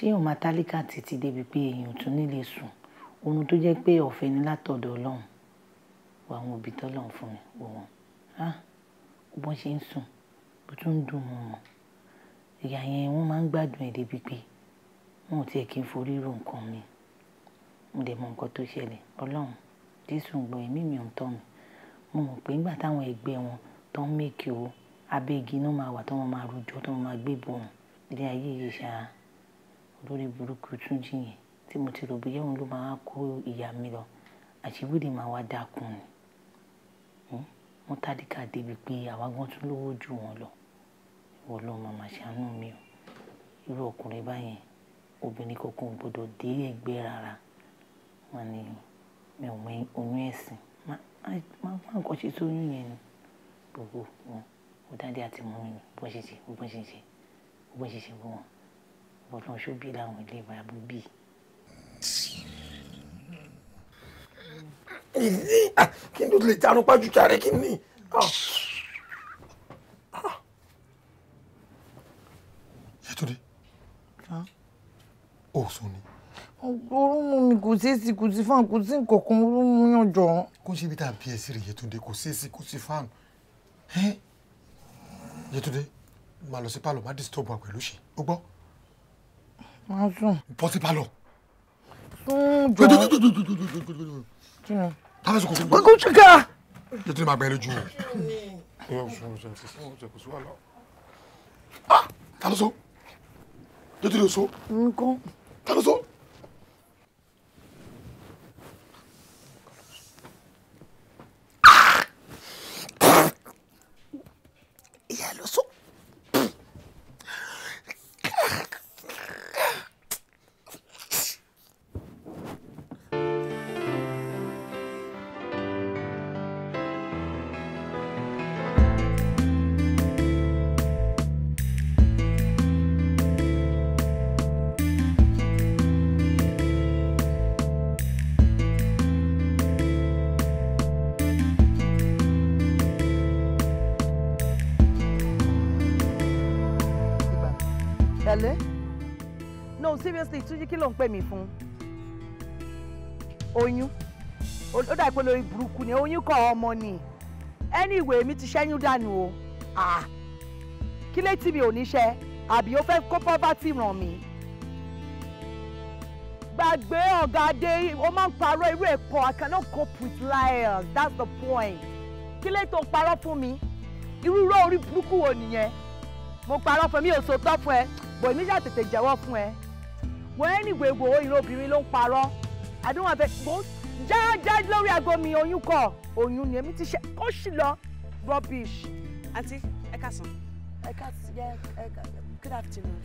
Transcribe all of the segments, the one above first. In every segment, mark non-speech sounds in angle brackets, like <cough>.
ṣé èèyàn máa tálíkà títí débi pé èèyàn tún nílé sùn oorun tó jẹ́ pé ọ̀fẹ́ ni látọ̀dọ̀ ọlọ́run wọ àwọn òbí tọ́lọ́run fún mi wọ wọn bọ́n ṣe ń sùn bó tún ń dùn wọn mọ̀ ìyá yẹn wọ́n máa ń gbádùn ẹ̀ débi pé wọn ò tiẹ̀ kí n forí ro nǹkan mi mo dẹ̀ mọ nǹkan tó ṣẹlẹ̀ ọlọ́run jésù ń gbọ́ ẹ̀mí mi ò ń tọ́ mi mo mọ̀ pé nígbà táwọn ẹgbẹ́ wọn tó ń mèkì owó abẹ́gi náà máa wà tó wọn máa rojọ́ tó wọn máa gbé bọ̀ wọn ilé ayé yìí ṣáá lórí burúkú túnjí yẹn tí mo ti rò bóyá òun ló máa kó ìyá mi lọ àṣìwìrì máa wá dákun ni hmm? wọn tádìkà débi pé àwa gan tún lówó jù wọn lọ ìwọ ló máa máa ṣàánú mi o irú ọkùnrin báyẹn obìnrin kankan ò gbọdọ̀ dé ẹgbẹ́ rárá wọn ni mi ò mọ oyún ẹ̀sìn máa fún nǹkan ṣe sóyún yẹn ni gbogbo wọn ò dáadé àti mọ́ mi bó ṣe ṣe bó ṣe ṣe bó ṣe ṣe bó wọn ọ̀nà ṣóbí làwọn ilé wa bú bí. èyí ah, kí ló lè jarun pájú jàre kí ni. Yétúndé ah. ah. ó sùn ni. orúmú mi kò sí èsì kò sí fáànù kò sí nǹkankan orúmú yàn jọ. kó ṣe ibi tá à ń bí ẹsẹ rẹ Yétúndé kò sí èsì kò sí fáànù Yétúndé máa lọ sí pálọ̀ má disturb wa pẹ̀lú Má sùn. Bọ́ sí pálọ̀. Sún jọ. Kí ni? Tábà sọ̀kọ̀ sọ̀kọ̀. Kókó ṣìkà. Yóò tún máa gbẹ́ lójú o. Ta ló so? Yóò tún lè so. Nǹkan. Ta ló so? Títí kí ló ń pè mí fún? Oyún. Ó dà pé lórí burúkú ni oyún kọ́ ọmọ ni. Ẹni ìwé mi ti ṣẹ́yún dànù o. Kí létí mi ò níṣẹ́ àbí ó fẹ́ kó pọ́fàtì ràn mí. Gbàgbé ọ̀gá Adé, ó máa ń parọ́ irú ẹ̀kọ́. I cannot cope with liars, that's the point. Kí lè tó parọ́ fún mi? Irú rọ́ orí burúkú wo nìyẹn? Mo parọ́ fún mi ò sòtọ́ fún ẹ, bò èmi ṣàtètè jẹ́wọ́ fún ẹ wọ́n ẹni gbogbo ìró obìnrin ló ń parọ́ àdúrà bẹ́ẹ̀ mò jájá lórí aago mi oyún kọ oyún ni èmi ti ṣe kó sì lọ rubbish. àǹtí ẹ ká sàn. ẹ ká yẹ ẹ ká good afternoon.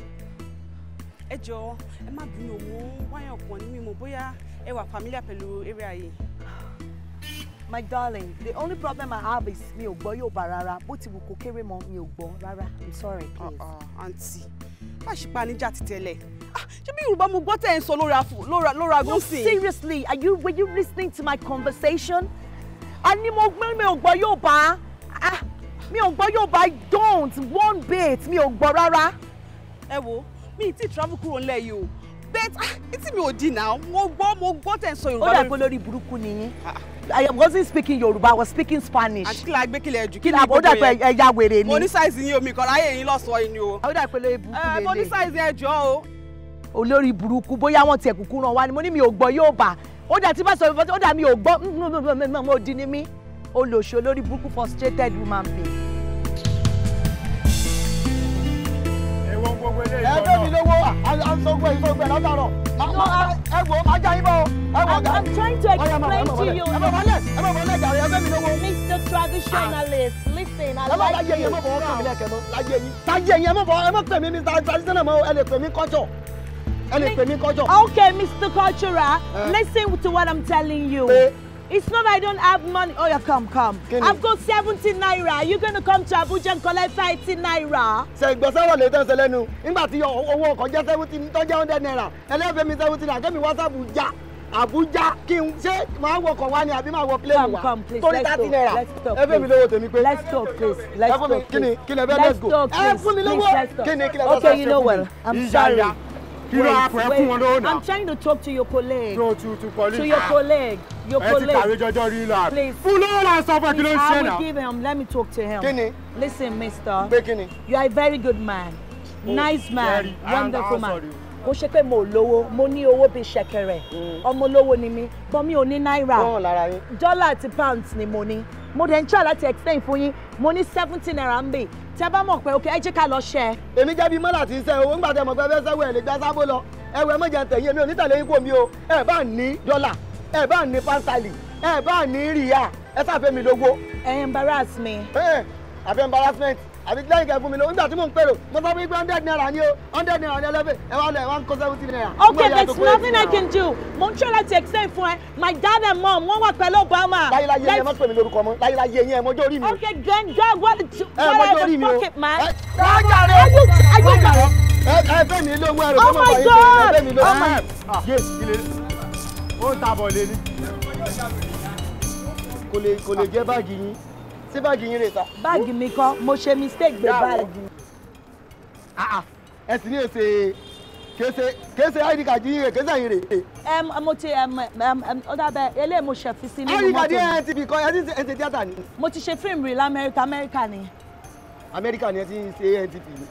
ẹ jọ̀ọ́ ẹ má bínú òun wáyàn kan ní mímọ̀ bóyá ẹ wà familiar pẹ̀lú area yìí. My darling, the only problem I have is mi ò gbọ́ Yorùbá rárá. Bó ti wù kó kéré mọ́ mi ò gbọ́ rárá. I'm sorry, please. Uh-uh, má ṣe panijà ti ah, ṣé bí yorùbá mo gbọ́ tẹ̀ ń sọ lóra lóra sí. no seriously are you were you listening to my conversation. a ní mo gbé mi ò gbọ́ yóò bá ah, mi ò gbọ́ yóò bá don't one bit mi ò gbọ́ rárá. ẹ wo mi ì travel kúrò ńlẹ̀ yìí o Ah, etí mi ò di náà mo gbọ́ mo gbọ́ tẹ̀ sọ Yorùbá lórí. ó dàgbọ́ lórí burúkú nìyí. Ah, ah. I wasn't speaking Yorùbá I was speaking Spanish. àti kílà gbé kílẹ̀ jù kí ni gbogbo yẹn. ó dàgbọ́ ẹja wèrè ni. mo ní size yín omi kan láyé yín lọ́sọ̀ọ́ yín ni o. ó dàgbọ́ lórí burúkú lélẹ̀. Eh, mo ní size ẹjọ́ o. olórí burúkú bóyá wọ́n tiẹ̀ kúkú ràn wá ni mo ní mi ò gbọ́ yóò bà ó dà tí bá sọ ó dà mi ò gbọ́ mm, mm, mm, mo di ni mí olóṣèlú olórí burúkú frustrated woman being. I'm trying to explain to you. Mr. traditionalist listen I like you. ẹ má bọ̀ ah. láyé yín ẹ má Mr. traditional mọ́ ẹ lè pè mí culture ẹ lè pè mí culture. Okay, Mr. Cultural, eh. listen to what I'm telling you. It's not I don't have money. Oh, yeah, come, come. Kini? I've got 17 naira. You're going to come to Abuja and collect 30 naira. Ṣé ìgbọ́sọ̀rọ̀ lè tán ṣe lẹ́nu? Nígbà tí owó ọkọ̀ jẹ́ 17 tó jẹ́ 100 naira. Ẹlẹ́fẹ̀ẹ́ mi 17 naira. Kẹ́mi WhatsApp já. Abuja kí n ṣé máa wọkọ̀ wá ni àbí máa wọ plane wá? Come, come, please. Torí 30 naira. Ẹ mi lówó tèmi pé. Let's talk, please. Let's talk, please. Kí ni let's go? Ẹ fún mi lówó. Kí ni let's go? Okay, you know well. I'm sorry. Wait, wait. I'm trying to talk to your colleague. No, to, to colleague. To your colleague. Your colleague. Please. Full on Please, I will give him. Let me talk to him. Listen, mister. You are a very good man. Oh, nice man. Very, wonderful man. Mo ṣe pé mo lówó, mo ní owó bíi ṣẹ̀kẹ̀rẹ̀. Mm. Ọmọ olówó ni mí, but mi ò ní náírà. Dọ́là àti pounds ni mo ní. Mo dẹ̀ ń try láti explain fún yín. Mo ní seventeen naira ń bì tẹ bá mọ̀ pé ok ẹ jẹ́ ká lọ ṣe. èmi jẹ́ bíi mọ́là tí ń sẹ́ owó ńgbà tẹ mọ̀ pé fẹ́ sẹ́wọ́ ẹ̀ lè gbá sábó lọ ẹ̀wẹ̀ mọ̀jẹ̀ tẹ̀yìn èmi ò ní tẹ̀lé yín kò mí o ẹ̀ bá ní dọ́là ẹ̀ bá ní pàǹtàlì ẹ̀ bá ní rìyà ẹ̀ sàfẹ́ mi lógo. ẹ embarrass me. ẹ àfẹ́ embarrassment àbí lẹ́yìn kẹ́ mi lọ nígbà tí mò ń pèrò mo sọ fún hundred naira ni o hundred naira ni ẹlẹ́fẹ̀ ẹ wá lẹ̀ ẹ ń kó seventy naira. okay there's nothing i can do mo ń try láti explain fún ẹ my dad and mom wọ́n wà pẹ̀lú obama. láyéláyé ẹ má pè lórúkọ mọ́ láyéláyé yẹn mọjọ́ orí mi. okay then god what what i go pocket man. ẹ jàre ẹ jàre. ẹ fẹ́ mi lówó ẹ̀rọ oh tó ẹ fẹ́ mi lówó ẹ̀rọ. Oh ah, yes kile ó ń tabọ̀ lé ní. kò lè jẹ́ báàgì yín ṣé báàgì yín rè ta. báàgì mi kọ́ mo ṣe mistake gbé báàgì. Ah, ah. ẹ sì ní èsè kése kése id card yín rè kése yín rè. ẹ mo ti ọ dábẹ eléyìí mo ṣe fi sí nínú mọ́tò. id card yẹn ti bìkan ẹ ti ṣe tíátà ni. mo ti ṣe fíìmù rí lamẹ́ríkà amẹ́ríkà ni. amẹ́ríkà ni ẹ ti ṣe ntp ni.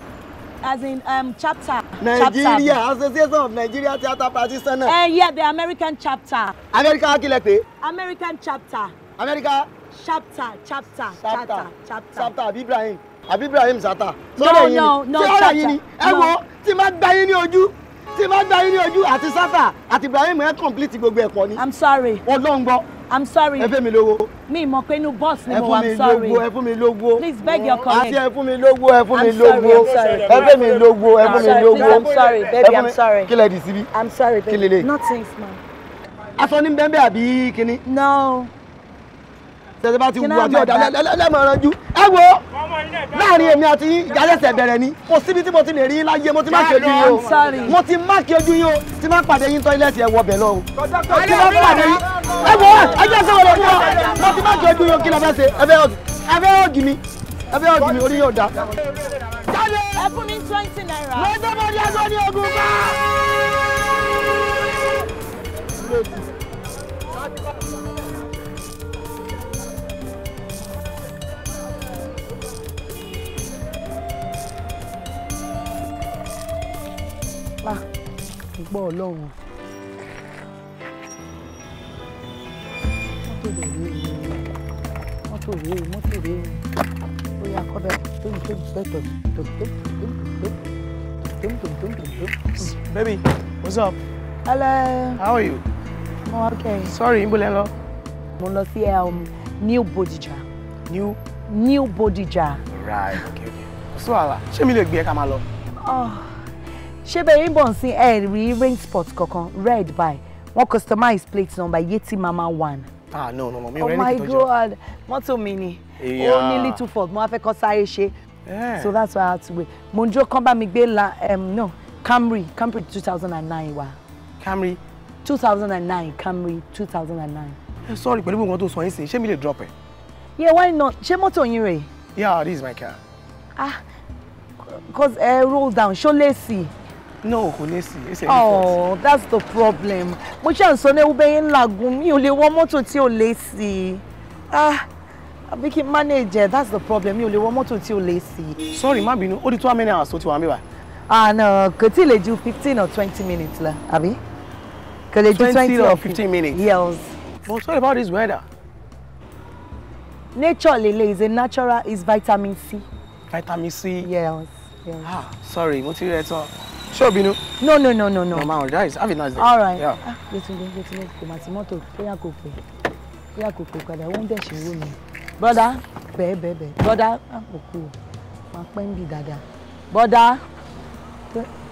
as in um, chapter. nigeria chapter. association of nigeria theatre practitioners. ẹ eh, yẹ the american chapter. america kí lẹ pè. american chapter. america chapter chapter chapter chapter chapter àbí Ibrahim àbí Ibrahim sata lọ́rọ̀ yìí ni tí ọ̀rọ̀ yìí ni ẹ wo tí má gba yín ní ojú tí má gba yín ní ojú àti sata àti Ibrahim ẹ complete gbogbo ẹ̀kọ́ ni. I'm sorry. ọlọ́run gbọ́. I'm sorry. Ẹ fún mi lówó. Mi mọ̀ pé inú bọ́ọ̀sì ni mo wà, I'm sorry. Ẹ fún mi lówó, ẹ fún mi lówó. Please beg your colleague. Àti ẹ fún mi lówó, ẹ fún mi lówó. Ẹ fún mi lówó, ẹ fún mi lówó. I'm sorry, baby, I'm sorry. Kí lẹ di síbí? I'm sorry, baby. Kí lele? Nothing, ma. Aṣọ ní bẹ́ẹ̀ bẹ́ẹ̀ àbí kíní? No tẹ̀sẹ̀ bá ti wù àti ọ̀dà lẹ́mọ̀ọ́ranjú ẹ wo láàrin èmi àti ìjálẹ̀sẹ̀ bẹ̀rẹ̀ ni kò síbi tí mo ti lè rí láyé mo ti má kí ojú yín o mo ti má kí ojú yín o ti má pàdé yín tọ́ílẹ̀tì ẹ̀ wọ bẹ̀ lọ o ti má pàdé yín ẹ wo ẹ jẹ́ sọ̀rọ̀ lórí ọ mo ti má kí ojú yín o kí lọ fẹ́ ṣe ẹ fẹ́ ògì mi ẹ fẹ́ ògì mi orí yóò da. jáde ẹ fún mi twenty naira. lọ́jọ́ mo ní agbọ́n ní ogun bá. pọ̀ ọlọ́run. mọ́tò rèé mọ́tò rèé mọ́tò rèé ó yà kọ́ bẹ́ẹ̀ tóbi tóbi fẹ́ tóbi tóbi tóbi tóbi tóbi tóbi tóbi tóbi tóbi tóbi. baby what's up. hello. how are you. mo oh, okay. sorry n bolẹ lọ. mo lọ sí New Bodija. new. New Bodija. right okay okay. sọ àlà ṣé mi lè gbé ẹ ká máa lọ. oh ṣé bẹ́ẹ̀ ń bọ̀ sí ẹ̀ rí rain spot kankan red by wọ́n customize plate number yeti mama one. ah no no mi ò rẹ́ ní kí oh my god mọ́tò mi ni ó ní little ford mo wá fẹ́ kọ́ sáré ṣe eh. so that's why i had to wait mo ń jó kán bá mi gbé la um, no camry camry two thousand and nine wa. camry. two thousand and nine camry two thousand and nine. ẹ eh, sọ́ọ̀rì pẹ̀lú gbogbo nǹkan tó sọ yín sí ṣé mi lè drop ẹ̀. yeah why not ṣé mọ́tò yín rèé. yeah this is my car. ah cause uh, roll down ṣó lè sí i no kò ní sí ẹsẹ̀ ní oh that's the problem mo ṣe àǹsọ ní ewúbẹ yín làágùn mi ò lè wọ mọ́tò tí ò lè i ah àbí kí that's the problem mi ò lè wọ mọ́tò tí ò sorry má bínú ó di two many hours tó ti wà ah no kò tí ì fifteen or twenty minutes la àbí kò lè ju twenty or fifteen minutes. yes. but sorry about this weather. nature lele is a natural is vitamin C. vitamin C. yes. yes. ah sorry mo ti rí ṣé òbínú. no no no no no. mama on guys have a nice day. all right yetunde ah, yetunde kò mà ti mọ́tò bóyá kò pè bóyá kò pè padà ó ń dẹ̀ ṣe wó mi. bọ́dá bẹ́ẹ̀ bẹ́ẹ̀ bẹ́ẹ̀ bọ́dá àpò kù o máa pẹ́ ń bì dáadáa bọ́dá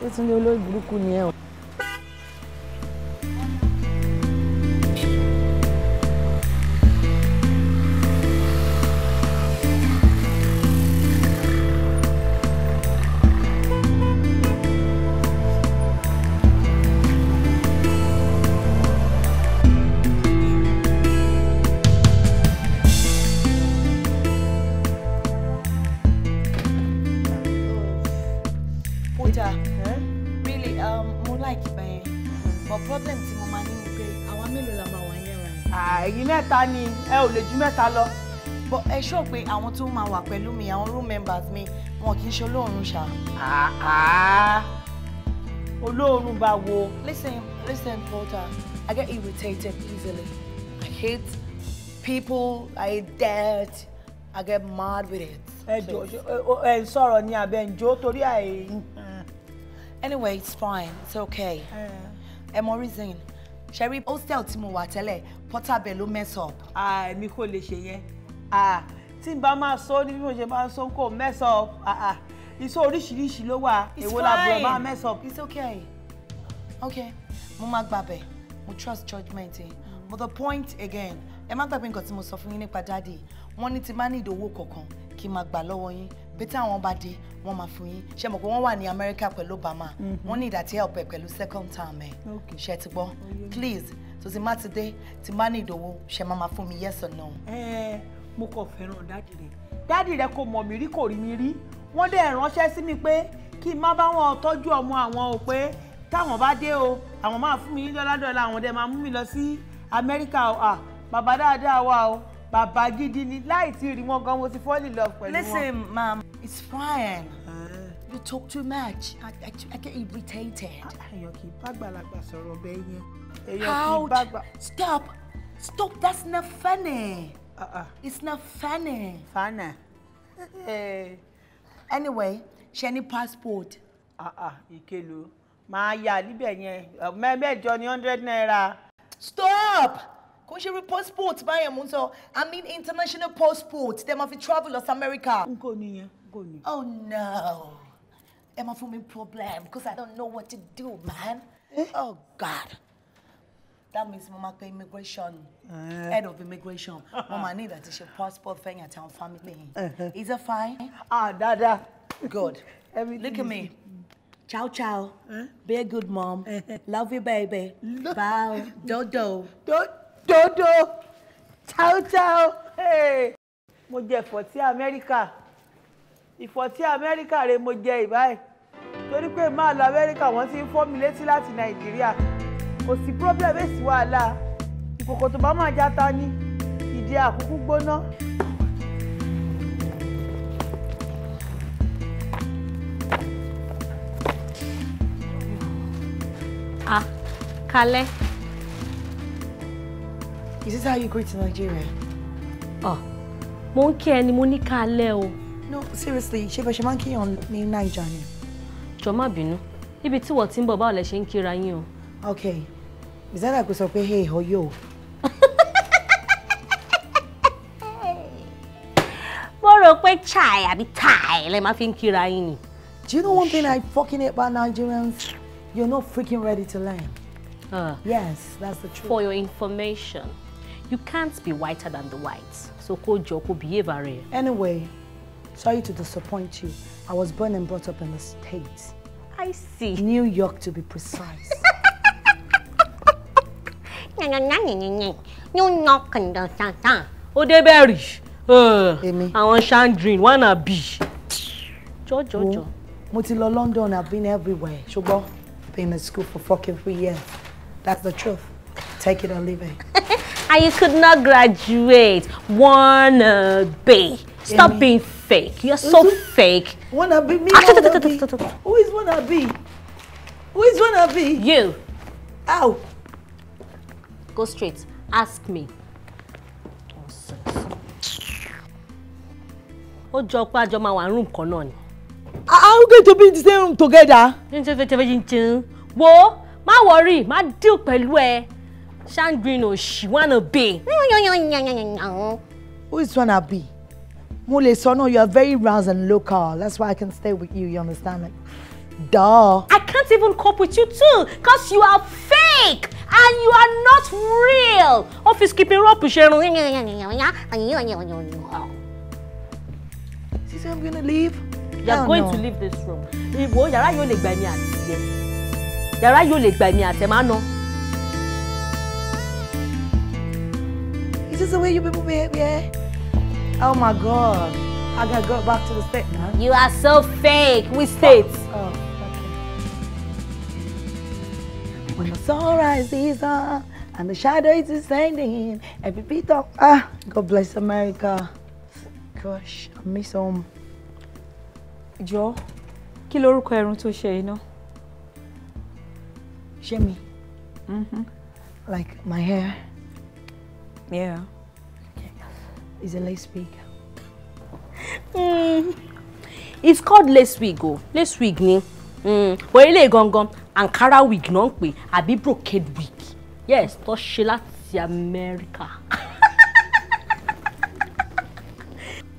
yetunde olóògbé burúkú ni ẹ o. mẹ́ta lọ but ẹ ṣọ́ pé àwọn tó máa wà pẹ̀lú mi àwọn room members mi wọn kì í ṣe olóòórùn ṣá. olóòórùn bá wo. listen listen Walter I get irritated easily I hate people I hate dirt I get mad with it. ẹ sọ̀rọ̀ ní abẹ́ ǹjọ́ torí àì. Hmm. anyway it's fine it's okay ẹ mọ reason ṣe rí hostel tí mo wà tẹ́lẹ̀ Portabell ló mess up. Ah, èmi kò lè ṣe yẹn ah, tí n bá máa sọ ní bí mo ṣe máa sọ kò mess up iṣẹ́ ah, oríṣiríṣi ló wà èwo làbúrò máa mess up. it's okay okay mo máa gbàbẹ̀ mo trust judgement ẹ but the point again ẹ má gbàgbé nǹkan tí mo sọ fún yín nípa dáàdì wọn ní ti má ní ìdòwò kọ̀ọ̀kan kí n máa gbà lọ́wọ́ yín pété àwọn bá dé wọn máa fún yín ṣe mọ̀ pé wọ́n wà ní America pẹ̀lú Obama mm-hmm. wọ́n ní ìdàtí help pẹ̀lú second time. ẹ̀ ṣe ti gbọ́ oh, please tó ti má ti dé ti má ní ìdòwò ṣe máa fún mi yes or no. ẹ ẹ mo kàn fẹ́ràn dáàdì rẹ dáàdì rẹ kò mọ̀ mí rí kò rí mi rí wọ́n dẹ̀ ránṣẹ́ sí mi pé kí n má bá wọn tọ́jú ọmọ àwọn o pé táwọn bá dé o àwọn máa fún mi dọ́là dọ́là àwọn dẹ̀ máa mú mi lọ sí Amẹ́ríkà o ah bàbá dáadáa wa o bàbá gidi ni láì tí rí wọn gan mo ti fall in love pẹ̀lú wọn. listen ma'am it's fine You talk too much. I, I, I get irritated. Èèyàn ah, Stop! Stop! That's not funny. Uh-uh. It's not funny. Funny. Hey. Eh, eh. Anyway, she any passport. Uh-uh, Ikelu. Maya, yà níbẹ̀ yẹn. Mẹ́ẹ̀mẹ́jọ ni hundred naira. Stop! Kò she rí passport báyẹn mú sọ. I mean international passport. Dem ma fi travelers America. Oh no. I'm fún mi problem because I don't know what to do, man. Eh? Oh God. That means Mama máa immigration. Uh, Head of immigration. <laughs> Mama máa need àti ṣe passport fẹ́yìn àti àwọn family Uh -huh. Is it fine? Ah, dada. Good. <laughs> Look at me. Ciao, ciao. Huh? Be a good mom. <laughs> Love you, baby. Bow. Dodo. Do dodo. Ciao, ciao. Hey. Mo jẹ̀fọ́ sí America ìfọ̀tí amẹ́ríkà rẹ mo jẹ ìbáyìí torí pé máa lọ amẹ́ríkà wọ́n ti ń fọ́ mi létí láti nàìjíríà kò sí problem èsì wàhálà ìkòkò tó bá máa já ta ní ìdí àkúkú gbóná. Ah, Kale. Is this how you greet in Nigeria? Oh, mo ń kí ẹni mo ní Kale o. No, seriously, ṣé bẹ́ẹ̀ ṣe máa ń kíyàn ní Naija ni? Jọ má bínú, níbi tí wọ́n ti ń bọ̀ báwo lẹ ṣe ń kíra yín o. Ok, Bizana kò sọ pé hey ọyọ. Mo rò pé chai àbí tai lẹ máa fi ń kíra yín ni. Do you know one thing I fucking hate about Nigerians? You're not freaking ready to learn. Uh, yes, that's the truth. For your information, you can't be whiter than the whites. So kó jọ kó Anyway, Sorry to disappoint you. I was born and brought up in the States. I see. New York to be precise. <laughs> New York and the Santa. Ó dé bẹ́ẹ̀ rí. Amy, I want wọ́n wanna be, Jojo, ti lọ London, I've been everywhere. sugar, been in school for fucking three years. That's the truth. Take it or leave it. and <laughs> you could not graduate. Wanna uh, be. Stop Amy. being fake. You're so fake. Wanna be me? Ah, wanna be. Who is wanna be? Who is wanna be? You. Ow. Go straight. Ask me. Ó jọ pé àjọ máa room kan náà ni. How we going to be in the same room together? Wo, ma worry, ma deal Shan Green Shangreen she wanna be. Who is wanna be? Mule Sono, you are very razz and local. That's why I can stay with you, you understand? Like, duh. I can't even cope with you too, because you are fake and you are not real. Office keeping rubbish. She said, I'm going to leave. You're Hell going no. to leave this room. Ìwọ yàrá yóò by me at àti ẹ. Yàrá yóò lè gba èmi àti ẹ máa ná. Is this the way you people behave? Yeah. Oh my God. I gotta go back to the state now. You are so fake. We state. Oh, okay. When the sun rises up and the shadow is descending, every beat of ah, God bless America. Gosh, I miss home. Joe, kí lorúkọ ẹ̀rùn tó ṣe iná? Ṣé mi? Mm-hmm. Like my hair. Yeah is a lace wig. Mm. It's called lace wig o. Oh. Lace wig ni. Mm. But gong gangan Ankara wig non ń àbí brocade wig. Yes, tó shila si America.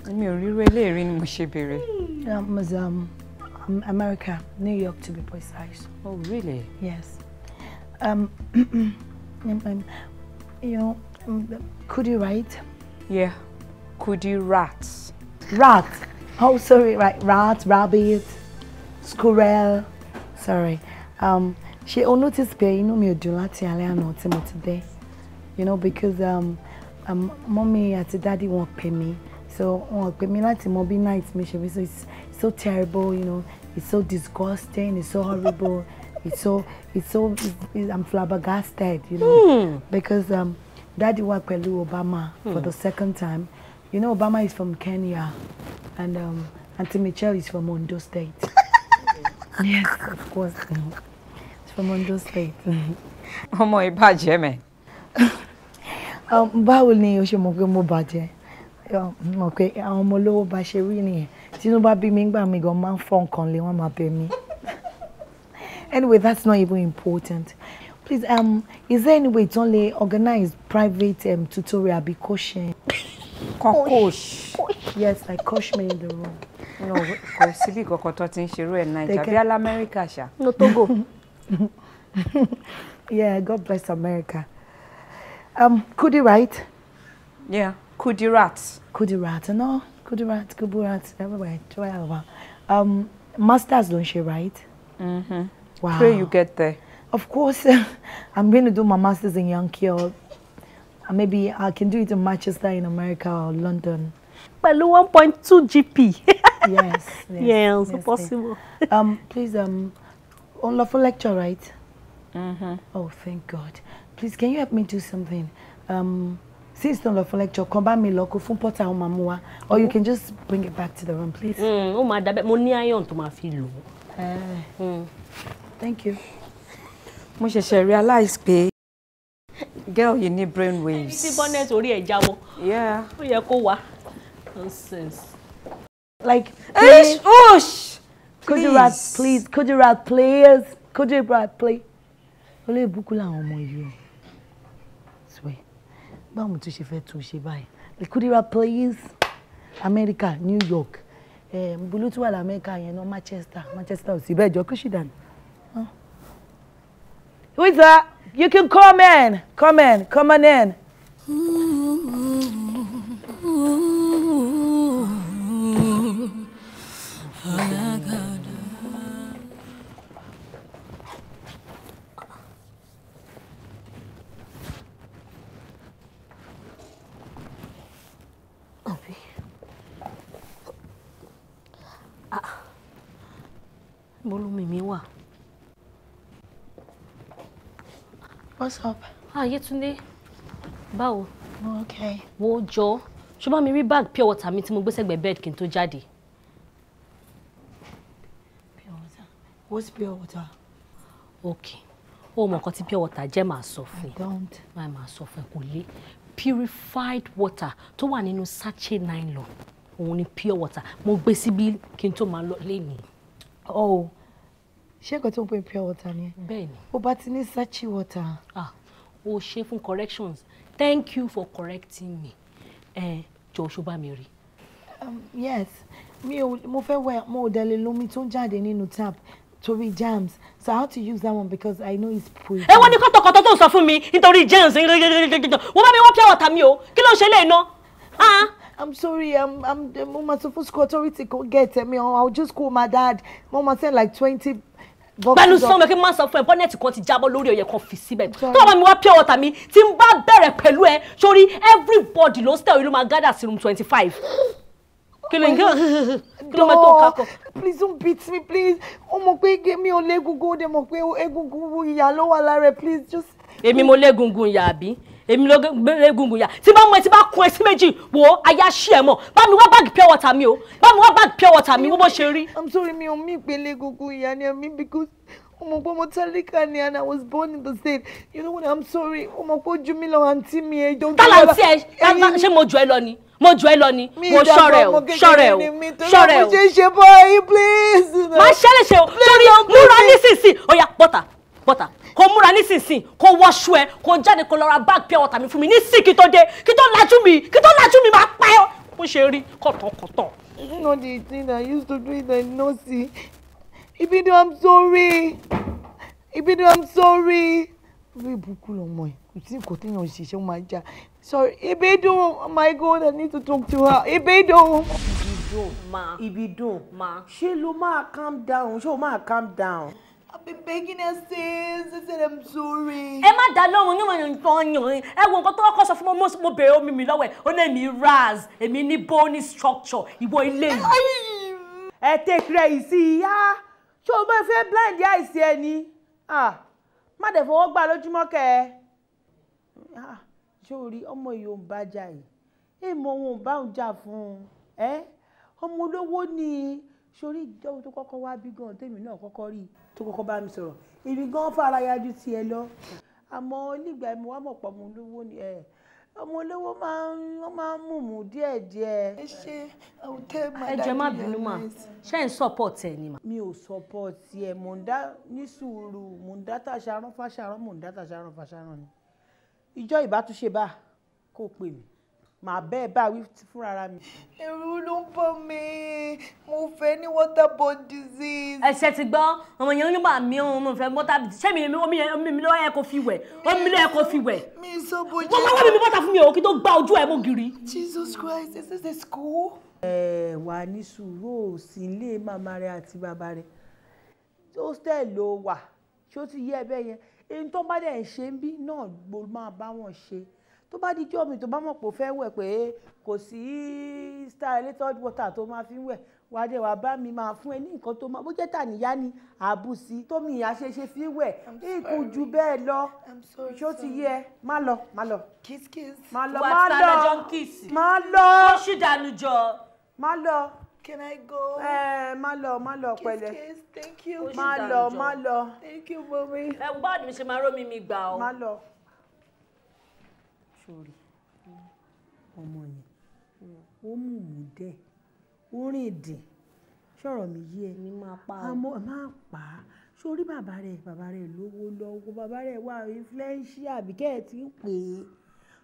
Èmi <laughs> ò ríru really ni mo ṣe I'm from um, America, New York to be precise. Oh, really? Yes. Um, <clears throat> um, um you know, um, could you write? Yeah. Could you rats? Rat. Oh, sorry, right. rats, rabbits, squirrel. Sorry. Um, she o notice pé inú mi ò dùn láti alẹ́ àná tí You know, because um, um, mommy àti daddy won't pay me. So wọ́n pay me láti mọ bí night me. So it's so terrible, you know. It's so disgusting. It's so horrible. it's so it's so it's, I'm flabbergasted, you know, mm. because um, daddy worked pẹ̀lú Obama mm. for hmm. the second time. You know, Obama is from Kenya, and um, Auntie Michelle is from Ondo State. <laughs> yes, of course. It's from Ondo State. <laughs> Ọmọ ìbàjẹ́ mẹ́. <laughs> Um, báwo ni o ṣe mọ̀ pé mo bàjẹ́? Um, mọ̀ pé àwọn ọmọ olówó bá ṣe rí nìyẹn. Tinubu bá bí mi ń gbà mí gan máa ń fọ́ nǹkan lé wọ́n máa bẹ̀ Anyway, that's not even important. Please, um, is there any way to only organize private um, tutorial because. Kokosh. Yes, I coach me in the room. No, kò síbi kankan tó ti ń ṣerú ẹ̀ náà ìjà bí alamẹ́ríkà ṣá. No Togo. <laughs> yeah, God bless America. Um, Kudirat. Yeah, Kudirat. Kudirat, no, Kudirat, Kuburat, everywhere, try over. Um, masters ló ń ṣe, right? Mm-hmm. Wow. Pray you get there. Of course, <laughs> I'm going to do my masters in Yankee and maybe I can do it in Manchester in America or London. Pẹ̀lú one point two GP. yes, <laughs> yes, yes, yes, possible. Yes. Um, please, um, on Olafo lecture, right? Mm-hmm. Oh, thank God. Please, can you help me do something? Um, since it's not Olafo lecture, kàn bá mi lọ kó fún porter ó or you mm. can just bring it back to the room, please. Mm, ó máa dà bẹ́ẹ̀, mo ní iron eh. mm. Thank you. Mo ṣẹ̀ṣẹ̀ realize pay girl you need brain waves. ẹni tí bonnet orí ẹ̀ jáwọ́ ó yẹ kó wá nonsense. like please osh Kudirat please Kudirat please Kudirat play olóyè búkú làwọn ọmọ yìí o swear báwo tó ṣe fẹ́ tó ṣe báyìí Kudirat please America New York eh, bolo tó wà lamẹ́ka yẹn náà Manchester Manchester ò sí bẹ́ẹ̀ jọ kó Who is that? You can come in. Come in. Come on in. Mm-hmm. what's up? Ah, Yétúndé. Báwo? okay. Wo jọ. Ṣé bá mi rí bag pure water mi tí mo gbé sẹ́gbẹ̀ẹ́ bed kí n tó Pure water. What's pure water? Okay. O mo nǹkan tí pure water jẹ́ màá sọ fún. I don't. Máa màá sọ fún ẹ kò Purified water To wà nínú sachet nylon. Òun ni pure water. Mo gbé síbí kí n tó máa lọ lé Oh ṣé nǹkan tí wọ́n pè ní pure water ni. bẹ́ẹ̀ni. ó bá ti ní sachi water. ah o ṣe fún corrections thank you for correcting me ẹ jọ ṣó bá mi rí. Um, yes mi ò mo fẹ́ wẹ̀ mo ò dẹ̀ lè lómi tó ń jáde nínú tap torí germs so i had to use that one because i know it's poison. ẹ wọ́n ní kọ́tọ̀kọ́tọ̀ tó ń sọ fún mi nítorí germs wọ́n bá mi wọ́n pure water mi o kí ló ń ṣe lẹ́ẹ̀ náà. Ah. I'm sorry, I'm, I'm, I'm, I'm supposed to authority go get me. I'll just call my dad. Mama said like 20 gbẹnu sọmọ kí n má sọ fún ẹ bọ́nẹ̀tì kan ti jábọ́ lórí ọyẹ kan fi síbẹ̀ tó bá mi wá pure water mi tí n bá bẹ̀rẹ̀ pẹ̀lú ẹ sórí everybody ló stẹ̀ orí ló máa gádà sí room twenty five kìlìngàn kìlómítà kakọ. please don't beat me please ó mọ̀ pé mi ò lé egungun ó dẹ̀ mọ̀ pé egungun ìyá ló wà lára please just. èmi mo lé ìyá àbí èmi ló gbélé egungun tí bá mọ ẹ tí bá kun ẹ sí méjì wo aya ṣí ẹ mọ bá mi wá báàgì pure water mi o bá mi wá báàgì pure water mi wo bó ṣe rí. i'm sorry mi ò mí ìpele egungun ìyá ni mi because ọmọ pé ọmọ tálíkà ni and i was born in the state you know what i'm sorry ọmọ pé ojú mi lọ àǹtí mi ẹ jọ. tálà àǹtí ẹ ṣé mo jù ẹ lọ ni mo jù ẹ lọ ni mo ṣọrẹ o ṣọrẹ o ṣọrẹ o. mi ìdàgbọ́ ọmọ kékeré ni mi torí mo ṣe ṣe bọ́ọ̀yì please. má ṣẹlẹ̀ ṣe o torí múra nísinsìnyí ó yá bọ́tà bọ́tà kò múra nísinsìn kò wọṣú ẹ kò jáde kò lọ ra bag pure water mi fún mi kí tó dé kí tó lajú mi kí tó lajú mi máa pa ẹ́ bó ṣe rí kọ̀tọ̀kọ̀tọ̀. you know the thing i used to do in the nursery Ibidu i'm sorry Ibidu i'm sorry orí ìbùkún lọmọ ẹ kò sí nǹkan téèyàn ṣe ṣé ó máa já sorry Ibidu oh my god i need to talk to her Ibidu. Ibidu ma Ibidu ma ṣé ló máa calm down ṣé o máa calm down. I've been begging her since. I said I'm sorry. Emma, má dá lóhùn yín wọ̀nyí nǹkan yàn. Ẹ wo nǹkan tó kọ́ sọ fún mi mo bèrè omi mi lọ́wọ́ ẹ̀. Ó ní èmi Raz, bony structure, ìwọ ilé yìí. I take crazy. yìí sí my Ṣé blind àìsí ẹ ni? Má dẹ̀ fọwọ́ gbà lójúmọ́ kẹ. you. o rí ọmọ yìí ò ń bá jà yìí? Èèmọ̀ òun ò bá Eh, jà fún un. Ọmọ sórí ìjọba tó kọ́kọ́ wá bí gan tèmi náà kọ́kọ́ rí i tó kọ́kọ́ bá mi sọ̀rọ̀ ibi gan fara ya ju tiẹ̀ lọ àmọ́ nígbà mi wá mọ̀ pọ̀ mo lówó ni ẹ̀ ọmọ olówó máa ń wọ́n máa ń mùmù díẹ̀ díẹ̀. ẹ ṣe ọtẹ màdà ẹ jẹ má bínú mà ṣé ń support ẹ ni mà. mi ò support ẹ mò ń dá ní sùúrù mò ń dá tàṣàrán fàṣàrán mò ń dá tàṣàrán fàṣàrán ni ìjọ ìbátúnṣe bá kó pè mí màá bẹ́ẹ̀ báwí fúnra ra mi. ẹ̀rù ló ń bọ̀ mí mo fẹ́ ní waterborne disease. ẹsẹ̀ ti gbọ́ ọmọ yẹn ń gbà mí òun mo fẹ́ water ṣé mi omi omi mi lọ́wọ́ ẹ̀ kò fi wẹ̀ omi lọ́wọ́ ẹ̀ kò fi wẹ̀. mi sọ bójú. wọ́n wọ́n mi mi fún mi o kí tó gbá ojú ẹ̀ mọ́ gírí. Jesus Christ is this a school. ẹ wà ní sùúrù òsì ilé màmá rẹ àti bàbá rẹ hostel ló wà ṣó ti yẹ ẹ yẹn èyí tó bá dẹ̀ ṣe ń bí náà gbó máa bá wọn ṣe tó bá di jọ́mi tó bá mọ̀ pé ó fẹ́ wẹ̀ pé kò sí sterilized water tó máa fi wẹ̀ wàá dé wàá bá mi máa fún ẹ ní nǹkan tó máa bó jẹ́ tàníyá ni àbùsí tómi àṣeṣe fi wẹ̀ ikú ju bẹ́ẹ̀ lọ ṣó ti yẹ má lọ má lọ má lọ má lọ má lọ oṣù dànù jọ má lọ. Can I go? Ẹ má lọ má lọ pẹ̀lẹ́. Kiss kiss thank you. Má lọ má lọ. Thank you mommy. Ẹ gbọ́dọ̀ mi ṣe máa rómi mi gbà ọ́. Má lọ sórí ọmọ yẹn ó mú mú dẹ ó rìn dì sọ̀rọ̀ mi yé ẹ àmọ́ máa pa á sórí bàbá rẹ̀ bàbá rẹ̀ lówó lọ́wọ́ bàbá rẹ̀ wà influential àbí kẹ́ ẹ̀ ti ń pè é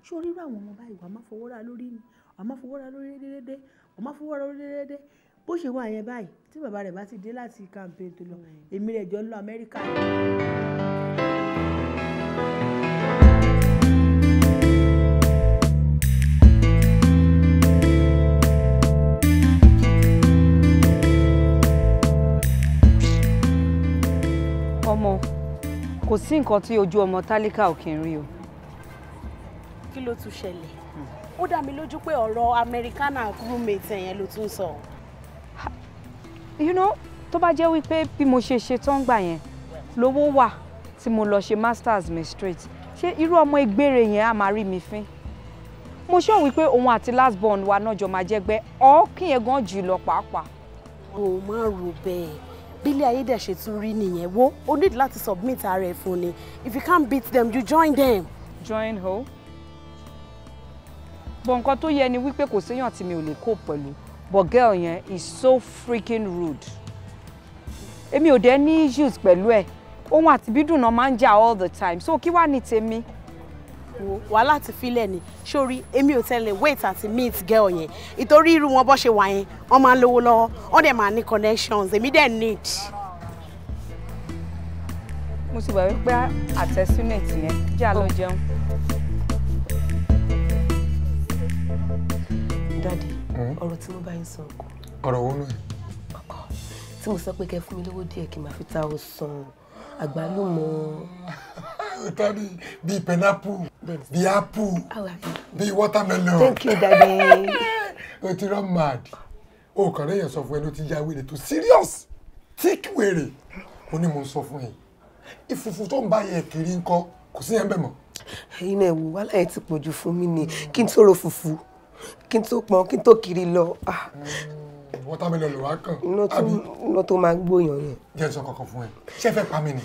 sórí irú àwọn ọmọ báyìí wà má fowó ra lórí ni wà á má fowó ra lórí déédéé wà á má fowó ra lórí déédéé bó ṣe wà yẹn báyìí tí bàbá rẹ̀ bá ti dé láti campaign tó lọ hmm. èmi rẹ̀ jọ ń lọ Amẹ́ríkà. kò sí nǹkan tí ojú ọmọ tálíkà ò kì í rí o. kí ló tún ṣẹlẹ̀ ó dá mi lójú pé ọ̀rọ̀ americana roommate yẹn ló tún sọ. you know tó bá jẹ́ wípé bí mo ṣe ṣe tán gbà yẹn lówó wà tí mo lọ ṣe masters mi straight ṣé irú ọmọ ìgbére yẹn á máa rí mi fín mo ṣọ́ wípé òun àti last born wa náà jọ máa jẹ́gbẹ́ ọ́ kí yẹn gan jù lọ pàápàá. o máa rò bẹ́ẹ̀ bílé ayé dẹ̀ ṣe tún rí nìyẹn wo o need láti submit ara ẹ̀ fún ni if you can't beat them you join them. join ho bọ̀ nǹkan tó yẹ ni wípé kò séèyàn tí mi ò lè kó pẹ̀lú but girl yẹn is so freaking rude èmi ò dẹ́ ní issues pẹ̀lú ẹ̀ òun àti Bídùn náà máa ń jà all the time so kí wàá ní tèmi wo wàhálà ti filẹ̀ ni sórí èmi ò tẹ́lẹ̀ wait àti meet girl yẹn ìtorí irú wọn bọ́ ṣe wà yẹn wọ́n máa ń lówó lọ́wọ́ wọ́n dẹ̀ máa ní connections èmi dẹ̀ need. mo ti gbà wípé àtẹ̀sínẹ̀tì yẹn jẹ́ àlọ́ oh. jẹun. dadi hmm? ọ̀rọ̀ tí mo bá yín sọ kù. ọ̀rọ̀ wo nù ẹ̀. tí mo sọ pé kẹ́ fún mi lówó díẹ̀ kí n máa fi ta ọsàn àgbálùmọ̀ tani bíi pineapple bíi apple bíi watermelon. thank you daddy. <laughs> o ti rán mad o kàn lẹ́yìn sọ fún ẹ ló ti ya wèrè tó serious tíkì wèrè o ní mo sọ fún ẹ ìfùfù tó ń bá yẹ kiri ńkọ́ kò sí yẹn bẹ̀ mọ́. ẹyin náà wò wàhálà yẹn ti pọ̀jù fún mi ni kí n tó ro fùfù kí n tó pọn kí n tó kiri lọ. Ah. watermelon ló wá kàn. iná tó máa gbóyàn yẹn. jẹ́ sọ kankan fún ẹ ṣé ẹ fẹ́ pa mí ni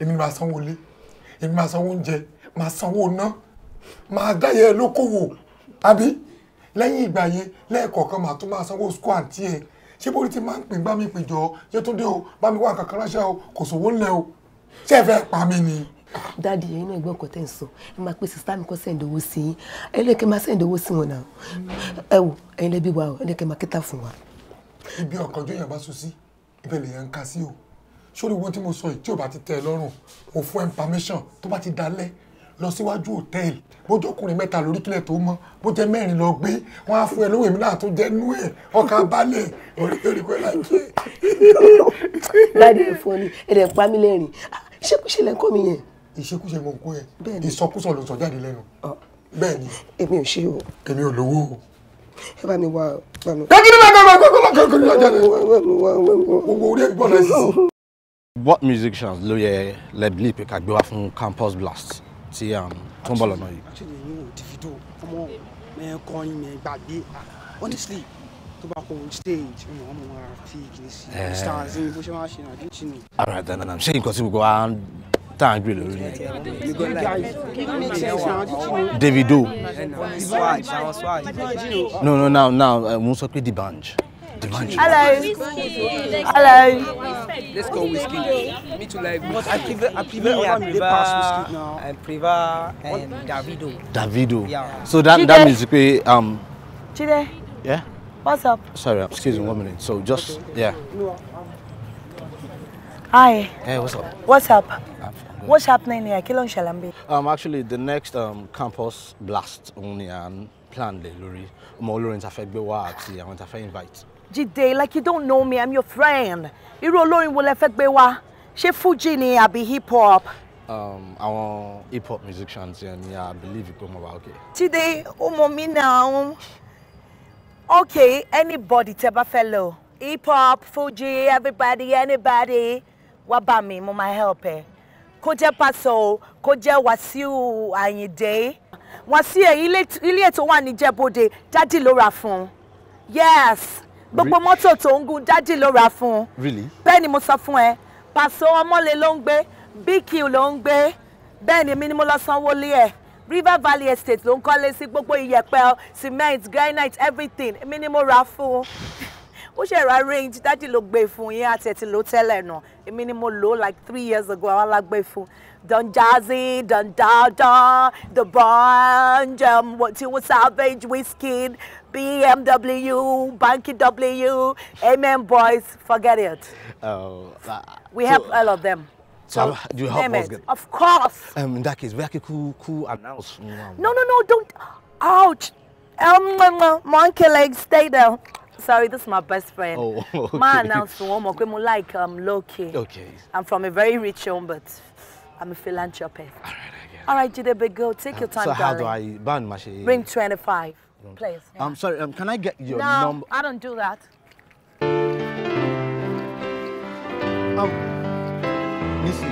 èmi máa sanwó ilé èmi máa sanwó oúnjẹ máa sanwó ná máa dáyẹ lókòwò àbí lẹ́yìn ìgbà yẹn lẹ́ẹ̀kọ̀ọ̀kan màá tún máa sanwó sukú àǹtí ẹ̀ ṣé bóri ti máa ń pè bá mi pè jọ yẹ tó dé o bá mi wá kankan ránṣẹ́ o kò sówó ńlẹ̀ o ṣé ẹ fẹ́ pa mí ni. dáàdi yẹn inú ẹgbẹ́ ọkọ̀ tẹ̀ ń sọ ẹ máa pe sista mi kọ́ sẹ́ǹdì owó sí yín ẹlẹ́kẹ́ máa sẹ́ǹdì owó sí wọn náà ẹ wò ẹ̀yin lẹ́bí wa o ẹlẹ́kẹ́ máa kíta fún wa. ibi ọ̀kanjú yẹn bá sùn sí ibẹ̀ lèèyàn ń ka sí o sórí owó tí mo sọ yìí tí ò bá ti tẹ ẹ lọ́rùn mo fún ẹ information tó bá ti dalẹ̀ lọ síwájú hòtẹ́ẹ̀lì bójú ọkùnrin mẹ́ta lórí kílẹ̀ tó mọ́ bó jẹ́ mẹ́rin lọ gbé wọ́n á fún ẹ lówó èmi náà tó jẹ́ nú ẹ̀ ọkà balẹ̀ ọ̀rẹ́ orí pẹ́ láìpẹ́. láti ẹ̀fọ́ ni ẹ̀rẹ̀ pa mí lẹ́rìn ìṣekúṣe lẹ́kọ́ mi yẹn. ìṣekúṣe mo ń kó ẹ ìsọkúsọ ló ń sọ jáde lẹ́nu bẹ́ẹ̀ ni. èmi ò ṣe o. èmi ò lówó o. ẹ bá mi wá. kẹ́kí ni bàbá mi kọ́kọ́ lọ́kọ́ what musicians ló yẹ lẹ́bìlì pé ká gbé wá fún campus blast tí tó ń bọ̀ lọ́nà yìí. actually inú Davido ọmọ mẹ́ẹ̀kọrin mẹ́ẹ̀gbàgbé honestly tó bá kọ on stage mi wọn mú wa fi ìgbìlẹ̀ sí eh. stars ní bó ṣe máa ṣe àbí ṣì ní. ara dana na ṣé nǹkan tí gbogbo wa ń tàn án gbé lórí ni. Davido. no no now now eh, mo sọ pé D'banj. Demand Hello. Hello. Let's go whiskey. Me too like whiskey. I prefer, I prefer, yeah, I prefer, I prefer um, Davido. Davido. Yeah. So that, that means we um. Chide. Yeah. What's up? Sorry, um, excuse me one minute. So just yeah. Hi. Hey, what's up? What's up? What's happening here? Kí ló Um, actually, the next um campus blast òun ni à ń plan Lawrence lórí been olórin tá a fẹ́ gbé invite. Jide like you don't know me I'm your friend irú olórin wo lẹ fẹ́ gbé wá ṣé fuji ni àbí hip hop. Um, àwọn hip hop musicians yẹn ni I believe pé mo wà okay. Jide ó mọ mi náà okay anybody tẹ bá fẹ́ lọ hip hop fuji everybody anybody wá bá mi mo máa help ẹ kó jẹ́ pàṣọ kó jẹ́ Wàsíù Àyìndé Wàsíù ẹ̀ ilé ètò wà ní Ìjẹ̀bú-Òde dádì fún un yes gbogbo mọ́tò tó ń gun dádì ló ra fún un really bẹ́ẹ̀ ni mo sọ fún ẹ pàṣẹ ọmọlẹ ló ń gbé bq ló ń gbé bẹ́ẹ̀ ni mi ni mo lọ sanwó lé ẹ̀ river valley estate ló ń kọ́lé sí gbogbo iyẹ̀pẹ̀ cement granite everything mi ni mo ra fún un ó ṣe ra range dádì ló gbé fún yín àti ẹ̀ ti lò tẹ́lẹ̀ náà èmi ni mo lò like three years ago àwa la gbé fún un Don jazzy, Don Dada, the bond, um, what to a savage whiskey, BMW, Banky W, Amen Boys, forget it. Oh, uh, we so, have all of them. So, so do you help us? Get... Of course. Um, in that case, we actually cool, cool announce. No, no, no, don't. Ouch. Um, monkey legs, stay there. Sorry, this is my best friend. Oh, <laughs> okay. My announcement, like um, low key. Okay. I'm from a very rich home, but I'm a philanthropist. All right, I All right, Jide, big girl, take um, your uh, time, So darling. how do I ban Mashi? Ring 25, please. I'm sorry, um, can I get your no, number? No, I don't do that. Um, listen.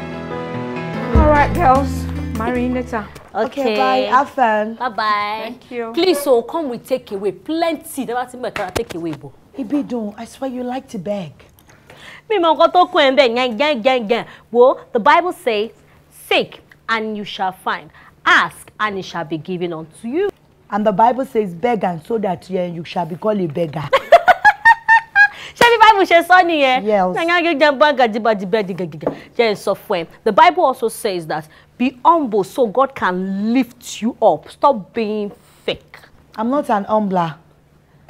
All right, girls. Marrying later. Okay. okay. Bye. Have fun. Bye bye. Thank you. Please, so oh, come with takeaway. Plenty. Never seen my car takeaway, bo. Ibidun, I swear you like to beg. Me, my God, to go and beg. Gang, gang, gang, gang. Well, the Bible says Seek and you shall find. Ask and it shall be given unto you. And the Bible says, beg and so that yeah, you shall be called a beggar. <laughs> ṣé bí bible ṣe sọ nìyẹn. the bible also says that be humble so God can lift you up stop being fake. I'm not an humbler.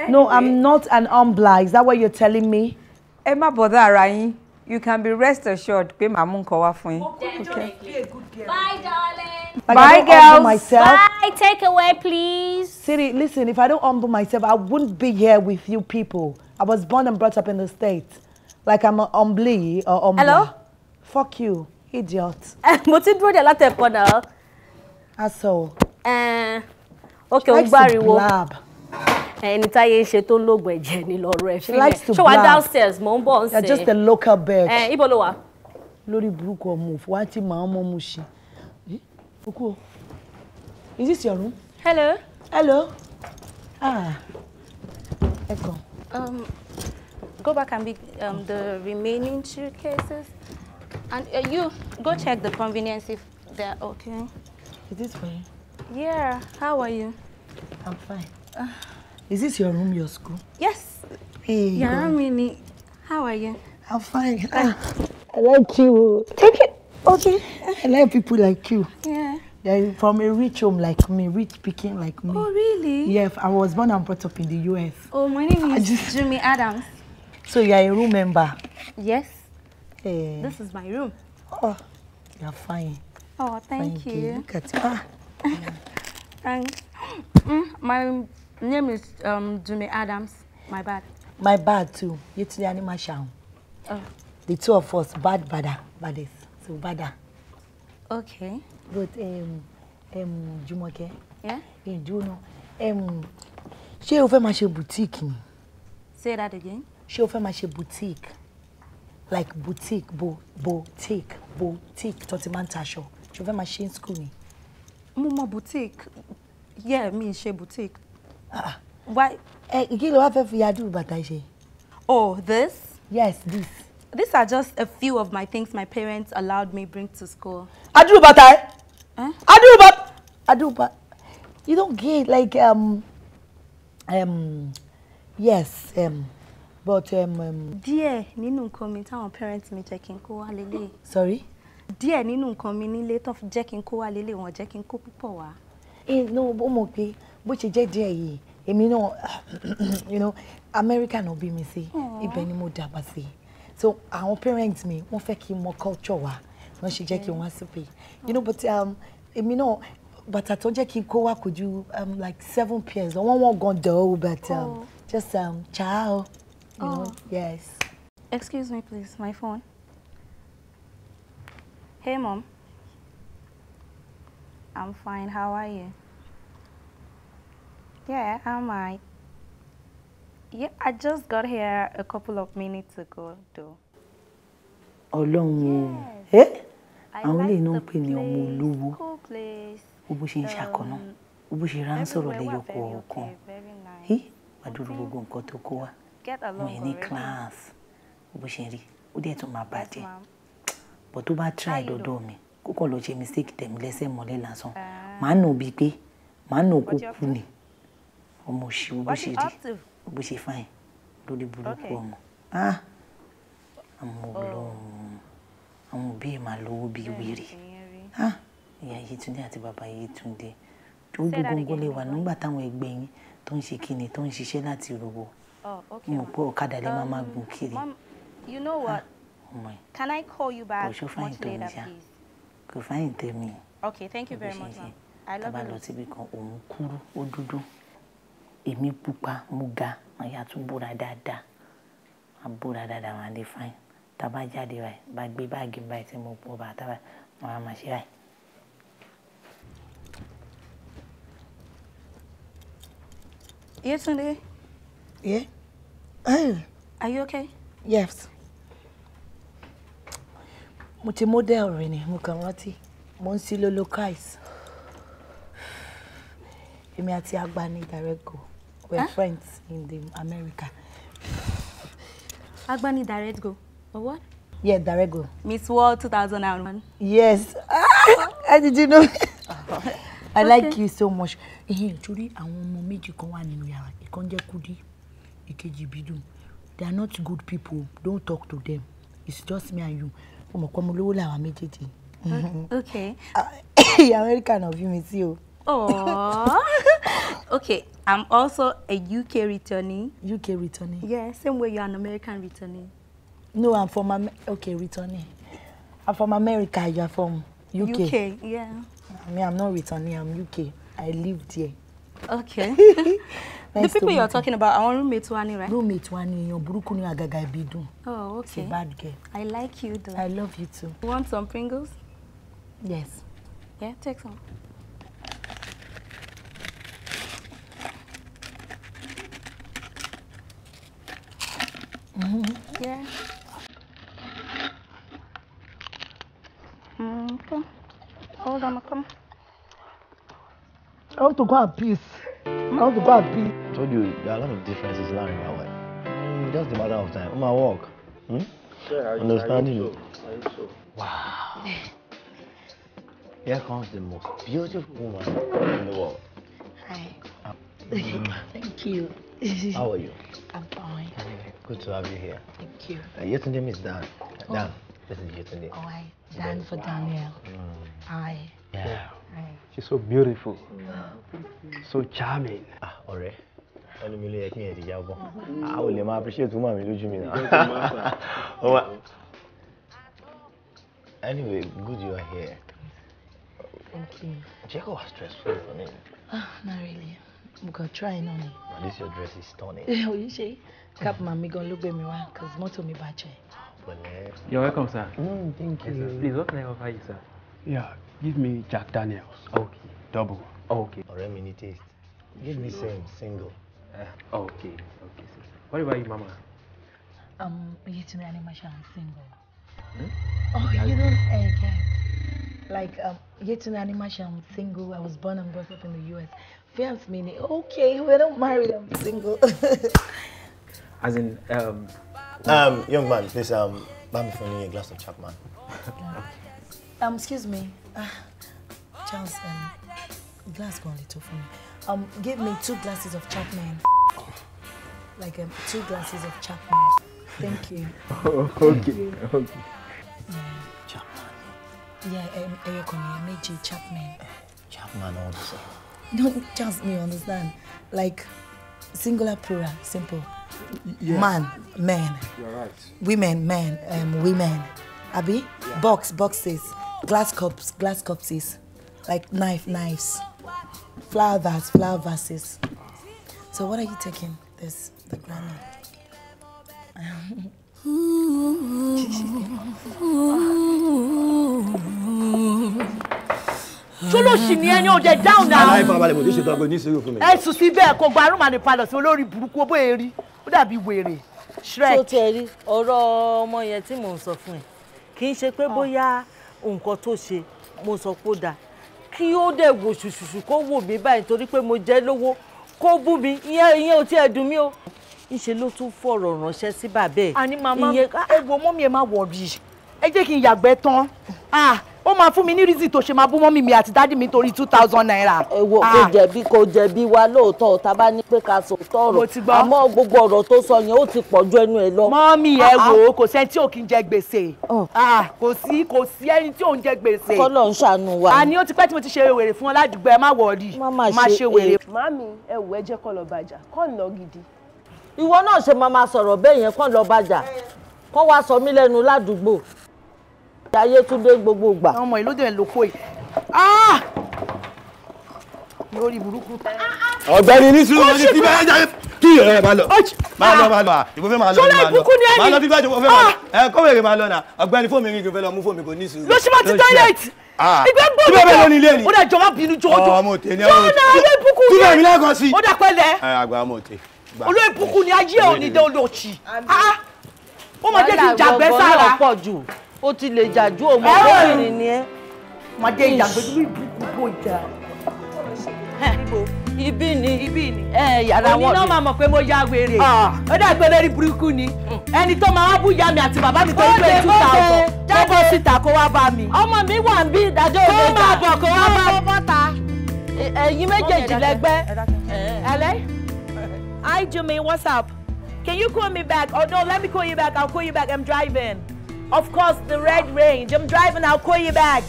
Anyway. No, I'm not an humbler. Is that what you're telling me? Emma, má bọ̀dá you can be rest assured pé màá mú nǹkan wá fún okay bye darling. Like bye girls myself, bye take away please. Siri listen if I don't humble myself I wouldn't be here with you people I was born and brought up in the state like I'm a humbly or humble. hello. fuck you idiot. <laughs> mo ti dúró dè látẹ̀kọ́ náà. aso. Eh, ok ó gbàriwo. she likes to ẹni táyé ṣe tó ń lògùn ẹ̀jẹ̀ ní lọ́rọ̀ ẹ̀ fílẹ̀ ṣé wàá downstairs mò ń bọ̀ ń sè you're just a local bird. ẹ ibo ló wà. lórí burúkú ọmọ òfò wá tí màá mọ́ mu ṣe. okú o is this your room. hello. hello. ah ẹ kàn. Um, go back and be um, the remaining two cases. And uh, you go check the convenience if they are okay. Is this for you? Yeah. How are you? I'm fine. Uh. Is this your room, your school? Yes. Hey, yeah, How are you? I'm fine. Ah. ah, I like you. Take it. Okay. I like people like you. Yeah. Yeah, from a rich home like me, rich picking like me. Oh, really? Yeah, I was born and brought up in the US. Oh, my name is just... Jimmy Adams. So you are a room member? Yes. Hey. Eh. This is my room. Oh, you're fine. Oh, thank, thank you. you. Look at ah. <laughs> Thanks. <gasps> Mm, my name is um, Jumi Adams. My bad. My bad too. You too, Yanni Mashao. Oh. The two of us, bad, bada, badis. So, bada. Okay. But, um, um, Jumoke. Yeah? In Juno. Um, she o my máa boutique ni? Say that again. She o my máa boutique? Like boutique, bo, boutique, boutique, tó ti máa ń taṣọ. Ṣé o in school ni? Mo boutique. Yeah, mi she boutique. Eh, kí ló wá fẹ́ fi adúrú bàtà ṣe. oh this. yes this. these are just a few of my things my parents allowed me bring to school. adúrú bàtà ẹ. Eh? Adu bàtà. Adu bàtà you don't get like um, um, yes um, but. Um, um, díẹ̀ nínú nǹkan mi táwọn parents mi jẹ́ kí n kó wá sorry. díẹ̀ nínú nǹkan mi nílé tó jẹ́ kí n kó wá lélẹ̀ wọ́n jẹ́ kí n kó púpọ̀ wá. ẹ ní o mọ̀ bó ṣe jẹ́ díẹ̀ yìí èmi náà <clears throat> you know America náà bí mi sí ibẹ̀ ni mo dàgbà sí so àwọn parents mi wọ́n fẹ́ kí n mọ culture wa wọ́n ṣe jẹ́ kí n wá síbí you know but um, èmi um, náà bàtà tó jẹ́ kí n kó wá kò ju um, like seven pairs wọ́n wọ́n gan dọ̀ ọ́ but um, just um, ciao you oh. know yes. Excuse me please my phone. Hey mom. I'm fine. How are you? Yeah, am I? Yeah, I just got here a couple of minutes ago, though. Ọlọ́run o. Eh? Àwọn ilé iná ń pè ní ọmọ olówó. Ó bó ṣe ń ṣàkọ́nà. Um, very bó Very nice. lẹ́yọ kọ̀ọ̀kan. Wàdúró gbogbo nǹkan tó kó wa. Wọ́n yẹn ní class. Ó bó ṣe rí. Ó dẹ̀ tún máa bàjẹ́. Bọ̀ tó bá try dọ́dọ̀ mi, kókàn lọ ṣe mistake tẹ̀mí lẹ́sẹ̀ mọ́lẹ̀ lásán. Ah. Màá nà ó bíi pé màá nà ó kó kú ni ọmọ òṣì bó ṣe rí bó ṣe fáyìn lórí burúkú ọmọ àmọ́ ọlọ́run oh. àwọn òbí ẹ̀ máa lówó bíi wèrè ìyá Yétúndé àti bàbá Yétúndé ojú gbọ̀ngàn lè wà nígbà táwọn ẹgbẹ́ yín tó ń ṣe kíni tó ń ṣiṣẹ́ láti rọwọ́ oh, mo pé ọ̀kadà lè máa máa um, gùn kiri. You know what? ọmọ ẹ Can I call you back much please? kò fáyìn tẹ̀ mí. Okay, thank you very much, ma'am. I love you. tábà lọ síbi kan òun kúrú ó dúdú èmi pupa mo ga màá yà tún bóra dáadáa màá bóra dáadáa màá lè fine tábà jáde báyìí bá gbé báàgì báyìí tí mo pọ̀ bàtà báyìí màá máa ṣe báyìí. Yetunde? Yeah? Oh. Are you okay? Yes. Mo ti model rẹ̀ ni mo kàn rántí. Mo ń sí lolokais. Èmi àti àgbà ni Ìdàrẹ́gò. We're huh? friends in the America. Agbani direct go. Or oh, what? Yeah, direct go. Miss World 2001. Yes. Ah, how did you know? I okay. like you so much. Ehe, torí àwọn ọmọ méjì kan you nínú yàrá. Ìkan jẹ́ Kudi, ìkejì Bidun. They are not good people. Don't talk to them. It's just me and you. Ọmọ ko mo lówó la wa méjèèjì. Okay. Uh, <coughs> American of you Miss you. Oh. <laughs> okay, I'm also a UK returnee. UK returnee? Yeah, same way you're an American returnee. No, I'm from, Am okay, returnee. I'm from America, you're from UK. UK, yeah. I mean, I'm not returnee, I'm UK. I lived here. Okay. <laughs> nice the people you're talking about, our roommate Wani, right? Roommate Wani, your burúkú ni àgàgà Oh, okay. She's a bad girl. I like you though. I love you too. want some Pringles? Yes. Yeah, take some. Yeah. Okay. Hold on, come. I want to go at peace. I want to go at peace. I told you there are a lot of differences now in our way. Mm, just a matter of time. my work. Hmm? Sure, Understanding. You Wow. Here comes the most beautiful woman in the world. Hi. Ah. Mm-hmm. <laughs> Thank you. How are you? I'm Good to have you here. Thank you. Uh, name is Dan. Oh. Dan. This is name. Oh, I. Dan for Daniel. Mm. I. Yeah. I. She's so beautiful. Mm. So charming. Ah, alright. I mi ló yẹ kí ah, appreciate you, mi lójú mi náà <laughs> anyway good you are here thank you Jacob was wá stressful for me. Oh, not really nǹkan try on it. at least your dress is stunning. <laughs> you see, cap gonna look at me one, cause mọ́tò mi bàjẹ́. pẹ̀lẹ́. you are welcome sir. Mm, thank you. Yes, sir. please what can I offer you sir. yeah give me Jack Daniels. okay. double. okay. Or mi taste give me same single. Uh, okay okay sir. what about you mama. um Yetunde Animasha I'm single. Hmm? oh you don't uh, get. Like um, Yetunde I'm single. I was born and brought up in the U.S advance meaning. Okay, we don't marry them. single. <laughs> As in, um, um, young man, please, um, buy me for me a glass of Chapman. <laughs> um, excuse me, uh, Charles, um, glass gone little for me. Um, give me two glasses of Chapman. Like um, two glasses of Chapman. Thank you. Oh, <laughs> okay, you. okay. Mm. Chapman. Yeah, um, Chapman. Chapman all the same. <laughs> Not just me, understand? Like singular, plural, simple. Yes. Man, men. You're right. Women, men, um, women. Abby. Yeah. Box, boxes. Glass cups, glass cupses. Like knife, knives. Flowers, flower vases. So what are you taking? This, the granny. olóṣì ni ẹni ọ̀dẹ̀ dáhùn náà. aláìfarabalẹ̀ mo ti ṣètò àgbo ní ìṣeré òfin mi. ẹ sùn sí bẹ́ẹ̀ kó gba arúmọ̀lẹ̀ palọ̀ sí olórí burúkú owó èrí ó dàbí wèrè shrek. tó tẹ rí ọ̀rọ̀ ọmọ yẹn tí mò ń sọ fún ẹ kì í ṣe pé ah. bóyá nǹkan tó ṣe mo sọ pé ó dáa kí ó dẹ̀ wò ṣùṣùṣù kó wò mí báyìí torí pé mo jẹ́ lówó kó bú mi ìyẹn ìyẹn ò tiẹ̀ dùn mí o ńṣe ló tún fọ̀rọ̀ ránṣẹ́ sí bàbá ẹ̀. àní màmá ẹ wo mọ́mí ẹ má wọ̀rí ẹ jẹ́ kí n yàgbẹ́ tán ah, ó máa fún mi ní reason tó ṣe máa bú mọ́mì mi àti dádì mi torí two thousand naira. ẹ wo kò ah. jẹ̀bi kò jẹ̀bi wa lóòótọ́ tá a bá ní pé ká sọ tọrọ àmọ́ gbogbo ọ̀rọ̀ tó sọ yẹn ó ti pọ̀ ju ẹnu ẹ lọ. mọ́mì ẹ ah, ah. wo kò sẹ́ni tí ò kí ń jẹ gbèsè oh. kò sí kò sí ẹni tí ò ń jẹ gbèsè. kọ́lọ̀ ń ṣàánú wa. àní ó ti pẹ́ tí mo ti ṣe wèrè fún ọ ládùúgbò ẹ má wọ̀ọ́rì má ṣe wèrè. màmí ẹ wò ẹ jẹ́ kọ́ lọ bàjá kọ́ ń Táyétúndé gbogbo ìgbà. ọmọ ìlú dẹ̀ ló kó yìí ah! lórí burúkú. ọ̀gbẹ́ni ní sùúrù ní ti bẹ́ẹ̀ jáde kí ẹ bá lọ bá lọ bá ah! lọ à ìbò fẹ́ máa lọ sọlá ìbùkún ni ẹni máa lọ bí bájú fẹ́ máa lọ ah! ẹ kó wèrè máa lọ nà ọ̀gbẹ́ni fóònù mi kò fẹ́ lọ mú fóònù mi kò ní sùúrù. lọ sí ma ti toilet ìgbẹ́ gbọ́dọ̀ bẹ́ẹ̀ lọ nílé ni ó dà jọba bínú jọjọ jọ́nà ayé ìbùkún ni ẹ ó dà pẹ́lẹ́ olú ìbùkún ni ayé òní dé olóòtì ó o ti lè jàjú òmò lóbìnrin ni ẹ. má jẹ́ ìjàgbẹ́jú ìbùkún ìjà. ibi ni ibi ni yara wọn mi. oníná máa mọ̀ pé mo ya wèrè ah. ó dàgbé lórí burúkú ni mm. ẹni tó máa wá bú ìyá mi ati baba mi tó ń pè two thousand kó bọ́ síta kó mi. omo mi wa ń bí ìdájọ́ o ìjà kó máa bọ̀ kó wá bá mi. can you call me back oh, no let me call you back I'll call you back I'm driving. Of course, the Red Range. I'm driving, I'll call you back.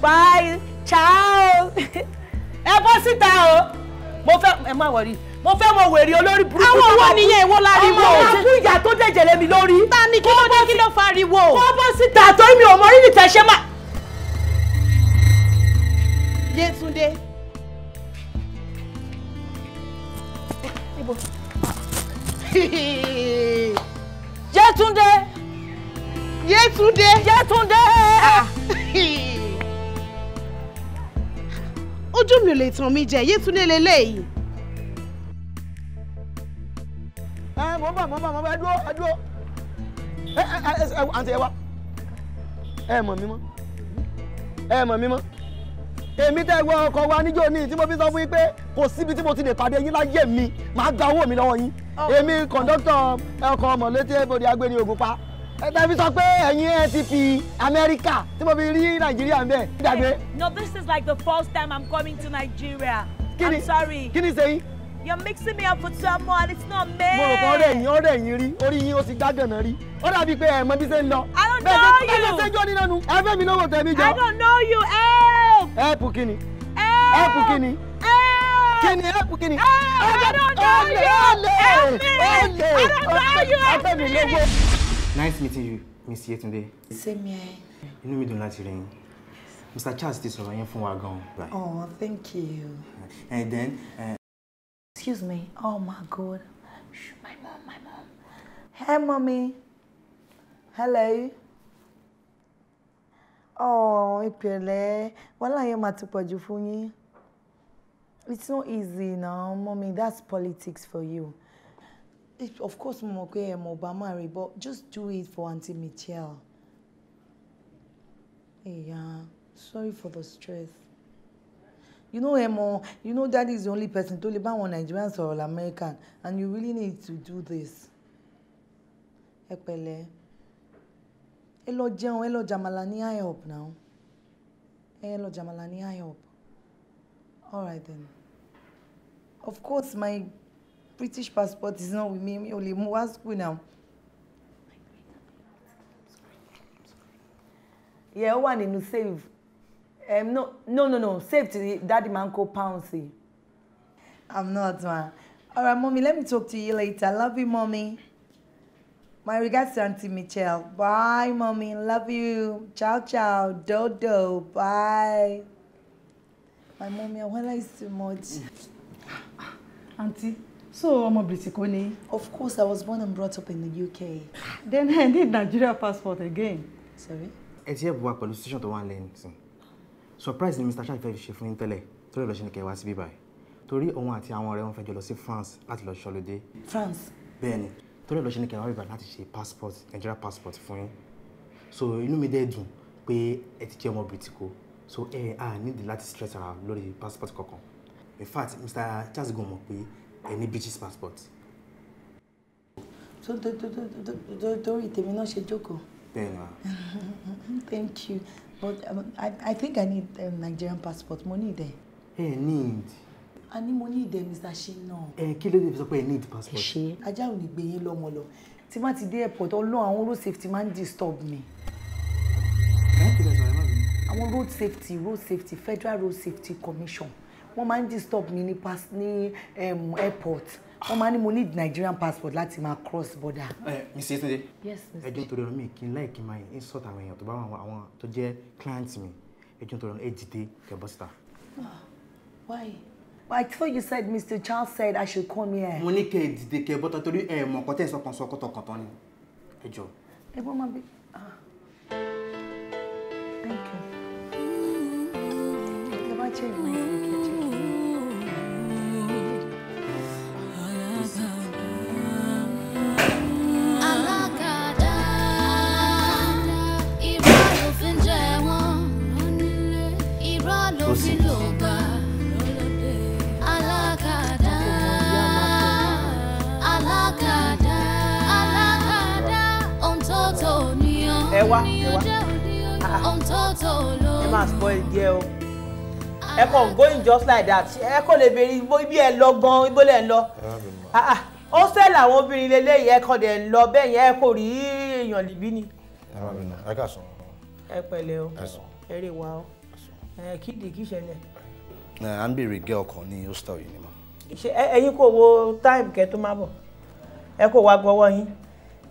Bye. Ciao. <laughs> Ẹ bọ́ síta o. Mo fẹ́ ẹ má wọrí. Mo fẹ́ mọ wèrè olórí burúkú. Àwọn owó nìyẹn ìwọ láriwo. Ọmọ wa kú ìyá tó dẹ̀jẹ̀ lé mi lórí. Ta ni kí ló dé kí ló fariwo? Kó bọ́ síta torí mi ò mọ rírì tẹ̀sẹ̀ máa. Yétúndé. <laughs> Yétúndé. Yétúndé. Yétúndé. Ah. <laughs> Ojú mi ò lè tàn mí jẹ, Yétúndé leléyìí. Ẹ mọ̀ bá mọ̀ bá mọ̀ bá dúró dúró. Ẹ ẹ ẹ ẹ àǹtí ẹ wá. Ẹ mọ̀ mí mọ́. Ẹ mọ̀ mí mọ́. Èmi tẹ́ gbọ́ ọkọ̀ wa níjọ́ ní tí mo fi sọ fún yín pé kò síbi tí mo ti lè pàdé yín láyé mi, màá gba owó mi lọ́wọ́ yín. Oh. Èmi kọ̀ńdọ́tọ̀ ọkọ̀ ọmọ létí ẹ̀bọ̀dì agbẹ́ni Ògùnpa ẹ sọ pé ẹ̀yin ẹ ti fi amẹ́ríkà tí mo fi rí nàìjíríà ń bẹ̀ dàgbé. no this is like the first time i'm coming to nigeria kini, i'm sorry. kí ni sẹ́yìn. you're mixing me up with someone it's not me. mo rò pé ọ̀rẹ́ yín ọ̀rẹ́ yín rí orí yín ó sì gbàgànà rí ó dàbí pé ẹ mọ bí ṣe ń lọ. i don't know you. bẹ́ẹ̀ ṣe jọ ní lẹ́nu ẹ mi lówó tẹ̀mí jọ. i don't know you help. help kini. help help kini. Kini help kini. Help I don't know you. Help me. I don't know you. Help me. Nice meeting you, Miss Yetunde. Same here. You Inú mi dùn láti rí yín. Mr. Charles this sọ̀rọ̀ yẹn fún wa gan-an. Oh, thank you. And then. Uh... Excuse me. Oh my God. Shh, my mom, my mom. Hey, mommy. Hello. Oh, ìpẹ̀lẹ́. Wàhálà yẹn máa ti pọ̀ jù fún yín. It's not easy now, mommy. That's politics for you it, of course mo mọ̀ pé ẹ mọ̀ ọba máa rí but just do it for aunty Michelle. Yeah, sorry for the stress. You know, Emo, you know daddy is the only person to live on àwọn Nigerians sọ̀rọ̀ l'American and you really need to do this. Ẹ pẹ̀lẹ́, ẹ lọ jẹun, ẹ lọ now. Ẹ lọ jàmàlà ní All right then. Of course, my British passport is not with me mi ò lè mú wá now. yeah one wà nínú save um, no no no no save the daddy man called Pouncy. I'm not man. All right, mommy, let me talk to you later. Love you, mommy. My regards to Auntie Michelle. Bye, mommy. Love you. Ciao, ciao. Dodo. Bye. My mommy, I want like so much. Auntie. So, ọmọ British kọ́ ni? Of course, I was born and brought up in the UK. Then I <laughs> need Nigeria passport again. Sorry? Ẹ ti ẹ̀ bù wá pẹ̀lú situation tó wà lẹ́yìn sí. Surprise ni Mr. Shah fẹ́ fi ṣe fún yín tẹ́lẹ̀ torí lọ́ọ́ ṣe ni kẹ́ wá sí bíbá ẹ̀. Torí òun àti àwọn ọ̀rẹ́ wọn fẹ́ jọ lọ sí France láti lọ ṣọlódé. France? Bẹ́ẹ̀ni, torí lọ́ọ́ ṣe ni kẹ́ wá bíbá láti ṣe passport, Nigeria passport fún yín. So inú mi dẹ́ dùn pé ẹ ti jẹ́ ọmọ British kọ́. So ẹ à nídìí láti stress ara lórí passport kankan. In fact, Mr. Charles Gomo pé ẹ ní british passport. So torí tèmi náà ṣe jókòó. bẹ́ẹ̀ ni <laughs> thank you but um, I, i think i need um, nigerian passport Money there. Hey, need. a ní mo need ẹ mr shina. ẹ kí ló dé fi sọ need passport. ṣe ajá ò ní gbé yín lọ́mọ lọ tí má ti dé airport ọlọ́run àwọn road safety máa ń disturb I want road safety road safety federal road safety commission wọ́n máa ń disturb mi ní pass ní airport wọ́n máa ní mo need Nigerian passport láti máa cross border. ẹ eh, Mrs. Yetunde. yes Mr. ẹjọ́ nítorí ọ̀rọ̀ mi kì í láìkí máa insult àwọn èèyàn tó bá wọn àwọn tó jẹ́ client mi ẹjọ́ nítorí ọ̀rọ̀ ẹ dìde kẹ síta. Ah, why. I thought you said Mr. Charles said I should come here. mo ní kẹ́ ẹ dìde kẹ́ ẹ bọ́ta torí ẹ mọ̀ ọ̀kọ́ tẹ̀ sọ́kàn sọ kọ́tọ̀kọ̀tọ̀ ni ẹ ẹ bọ́ eh, máa bí. Ah. thank you. ẹ bá jẹ́ ìwé ìkẹjẹ. wá ẹ wá ẹ máa spoil díẹ̀ o ẹ kàn going just like that ẹ kò lè béèrè ibi ẹ lọ gan ibo lẹ lọ ó fẹ́ làwọn obìnrin lélẹ́yìí ẹ kàn dẹ̀ lọ bẹ́ẹ̀ yẹn ẹ kò rí èèyàn lìbí ni. ẹ kà sùn. ẹ pẹ̀lẹ́ o ẹ rè wá o kídì kí ṣẹlẹ̀. à ń béèrè gẹ́ ọkàn ní hostel yìí ni mà. ẹ̀yin kò wo time kẹ́ tó má bọ̀ ẹ kò wá gbọ́wọ́ yín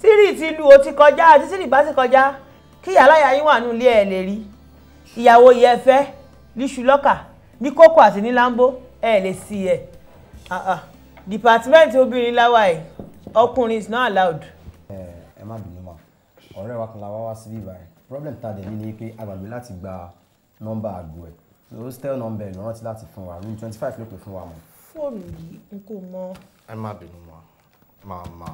tírì ti o ti kọjá àti tírì bá ti kọjá kí aláya yín wà nù ilé ẹ̀ lè rí ìyàwó yẹ fẹ́ níṣu lọ́kà ní kókò àti ní láńbó ẹ̀ lè sí ẹ̀ dìpátímẹ́ǹtì obìnrin láwa ẹ̀ ọkùnrin is not allowed. ẹ ẹ má bínú ma ọ̀rẹ́ wa kan la wá wá síbí ìbàrẹ̀ problem ta dẹ̀ mí ni pé a gbàgbé láti gba nọ́mbà àgọ́ ẹ̀ so hostel nọ́mbà ẹ̀ ló rántí láti fún wa room twenty five ló pè fún wa mọ́. fóònù yìí n kò mọ. ẹ má bínú ma màmá.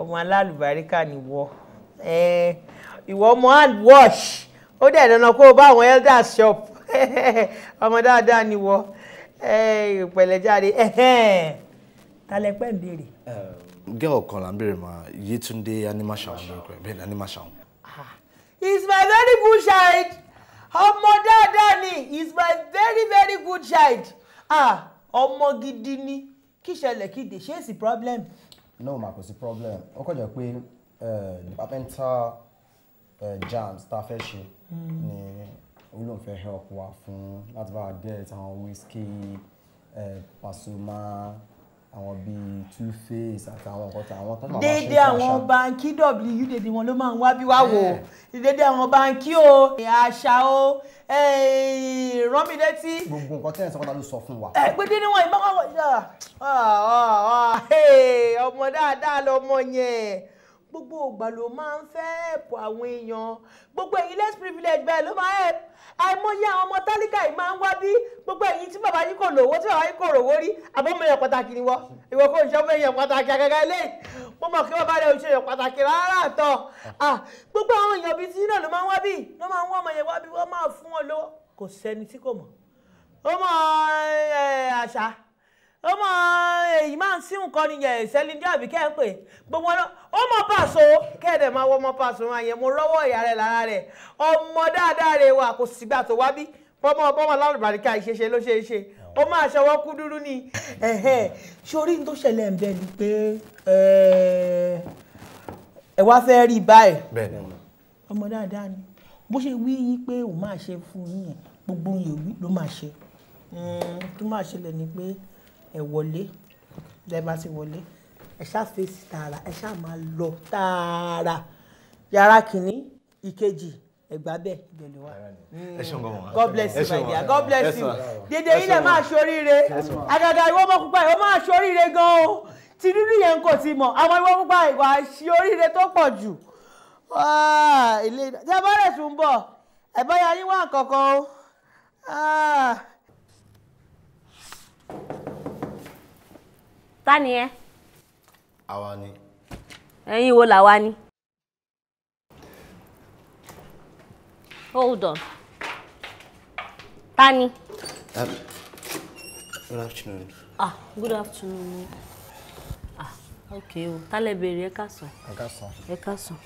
ọmọ alálùbáríkà ni wọ́ọ́. Eh, ìwọ ọmọ hand wash ó dẹ̀ dandan kó o bá àwọn elders shop <laughs> ọmọ dáadáa ni wọ eh, ìpẹ̀lẹ́jáde talẹ́pẹ́ ń béèrè. Eh, gẹ́ọ̀ kan là ń béèrè mà Yétúndé Animashaun lórúkọ ẹ̀ bẹ́ẹ̀ ni Animashaun. Ah, is my very good child ọmọ dáadáa ni is my very very good child ah, ọmọ gidi ni kí ṣẹlẹ̀ kí dè ṣe é sí problem. no ma kò sí problem ó kọjọ pé departmental eh, eh, jams tá a fẹ́ ṣe hmm. ni olóhùn fẹ́ help wa fún láti bá get àwọn Wizkid eh, Pasuma àwọn bíi two face àtàwọn nǹkan tàwọn tó máa wá ṣe déédé àwọn báńkì w déédé wọn ló máa ń wá bí wá wò déédé àwọn báńkì o àṣà o ránmídétí. gbogbo nǹkan tẹ́lẹ̀ sọ́kọ́tà ló sọ fún wa. ẹ pé déédé wọn ìbá wọn ah, ah, ah, ọmọ dáadáa lọmọ yẹn gbogbo ògbà ló máa ń fẹ́ ẹ̀pù àwọn èèyàn gbogbo ẹ̀yin less privilege bẹ́ẹ̀ ló máa ẹ̀pù àìmọye àwọn ọmọ tálíkà yìí máa ń wá bí gbogbo ẹ̀yin tí bàbá yín kò lówó tí bàbá yín kò rówó rí àbọ̀ mọ èèyàn pàtàkì ni wọ́ ìwọ kò ń ṣọ́fẹ́ èèyàn pàtàkì àgàgà ilé mo mọ̀ kí bàbá rẹ̀ ò ṣe èèyàn pàtàkì rárá tọ̀ gbogbo àwọn èèyàn bíi tí náà ló máa ń wá bí ló máa ń ọmọ èyí máa ń sìn nǹkan nìyẹn ìṣẹ́lẹ̀ ní àbí kẹ́ ẹ̀ pé gbogbo ọ̀nà ọmọ pàṣọ kẹ́ẹ̀dẹ̀ máa wọ ọmọ pàṣọ wọn yẹn mo rọ́wọ́ ìyá rẹ̀ lára rẹ̀ ọmọ dáadáa rẹ̀ wà kò sígbà tó wá bí bọ́mọ bọ́mọ alárùbáríkà ìṣeṣe ló ṣe é ṣe ó máa ṣọwọ́ kú dúró ni. sórí tó ṣẹlẹ̀ ń bẹ ni pé ẹ wá fẹ́ rí báyìí ọmọ dáadáa ni bó ṣe wí yín pé òun máa ṣe fún yín yẹn gbogbo yìí ló máa ṣe tó máa ṣẹlẹ̀ ni pé ẹ wọlé ẹ bá ti wọlé ẹ ṣáà fèsì tààrà ẹ ṣáà máa lọ tààrà yàrá kìíní ìkejì ẹgbà bẹẹ ìbẹ̀lẹ̀ wa god bless you my dear god bless you dèdè yìí lè máa ṣoríire àgàgà ìwọ ọmọ pupa ìwọ máa ṣoríire gan o ti dúdú yẹn kò ti mọ̀ àwọn ìwọ pupa ìwà ṣoríire tó pọ̀ jù ah, ilé ìdájọ́ bá rẹ̀ tún bọ̀ ẹ̀bọ́n yà yín wà kankan o. Ah. ta ni ẹ. àwa ni. ẹ̀yin wo làwa ni. hold on ta ni. Um, good afternoon. ah good afternoon ah okay o tálẹ̀ béèrè ẹ káàsán. ẹ káàsán. ẹ káàsán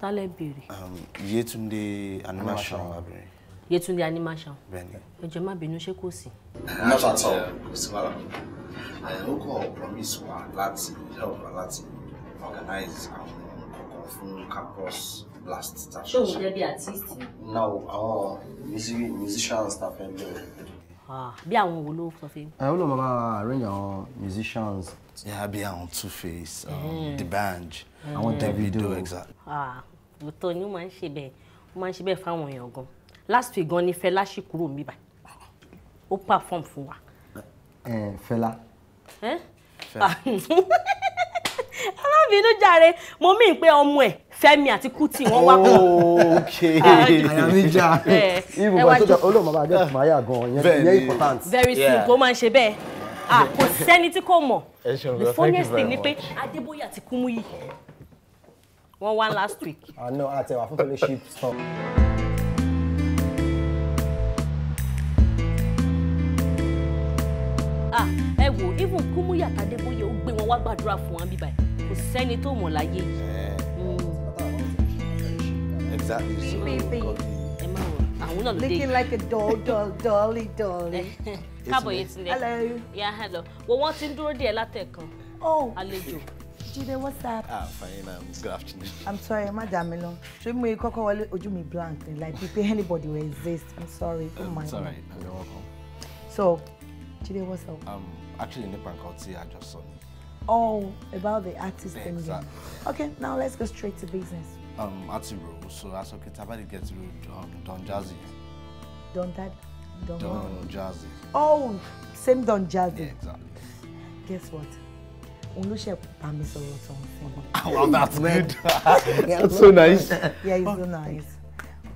tálẹ̀ béèrè. Um, Yétúndé Animation abirin. Yétúndé Animation. Bẹ́ẹ̀ni. Ẹ̀jọ̀ má bínú ṣé kò sí. Animation àtọ̀ kò sí wàhálà. Àyẹ̀wò kọ̀ promise wa láti help wa láti organize àwọn kọ̀ọ̀kan fún campus blast. Ṣé òun jẹ́ bí artist? No, àwọn musicians ta fẹ́ bẹ̀rẹ̀. Bí àwọn wo ló sọ fún mi? Ẹ eh, ó lọ arrange àwọn musicians. Yeah, bí àwọn Two Face, D'banj, um, eh. àwọn eh, Davido exactly. Òótọ́ ni ó máa ń ṣe bẹ́ẹ̀, ó máa ń ṣe bẹ́ẹ̀ fáwọn gan last week gan ni Fẹlá ṣì kúrò mi báyìí ó perform fún wa. ẹ Fẹlá. alábìínú <laughs> jàre mo mí pé ọmọ ẹ Fẹ́mi àti Kútì wọn wá oh, kọ. <laughs> àyà mi já ibùgbà tó jẹ olóòmọ bá jẹ kùmáyà gan yẹn yẹn important. very simple ó máa ń ṣe bẹ́ẹ̀ ah, kò sẹ́ni tí kò mọ̀ the funniest thing ni pé Adébóyè àti Kúmúyì wọ́n wá last week. àná àtẹ̀wà fún fellowship stop. Ah, ẹ wò even kúmúyà tàdébóyè ó gbé wọn wá gbàdúrà fún wọn bíbáyìí kò sẹ́ni tó mọ̀ láyé hmm. exactly àwọn náà ló dé. looking like a doll doll dolly dolly. <laughs> káàbọ̀ yìí ti lẹ hello. ya hello wo wọ́n ti ń dúró díẹ̀ látẹ̀kan oh. àlejò. Jide, what's up? Ah, fine. Um, good afternoon. I'm sorry, madam Milo. Ṣé mo kọ́kọ́ wọlé ojú mi blank ni like pípé anybody will exist. I'm sorry. Oh my God. It's You're welcome. So, Jide, what's up? Um, actually, in nípa nǹkan tí a jọ sọ ni. Oh, about the artist yeah, thing. Exactly. Okay, now let's go straight to business. Um, àti rò so as kí tá a bá get through um, Don Jazzy. Don that? Don, Don Jazzy. Oh, same Don Jazzy. Yeah, exactly. Guess what? We'll ló ṣe bá mi sọ̀rọ̀ <laughs> wow that's good <laughs> that's so nice. yeah it's oh, so nice.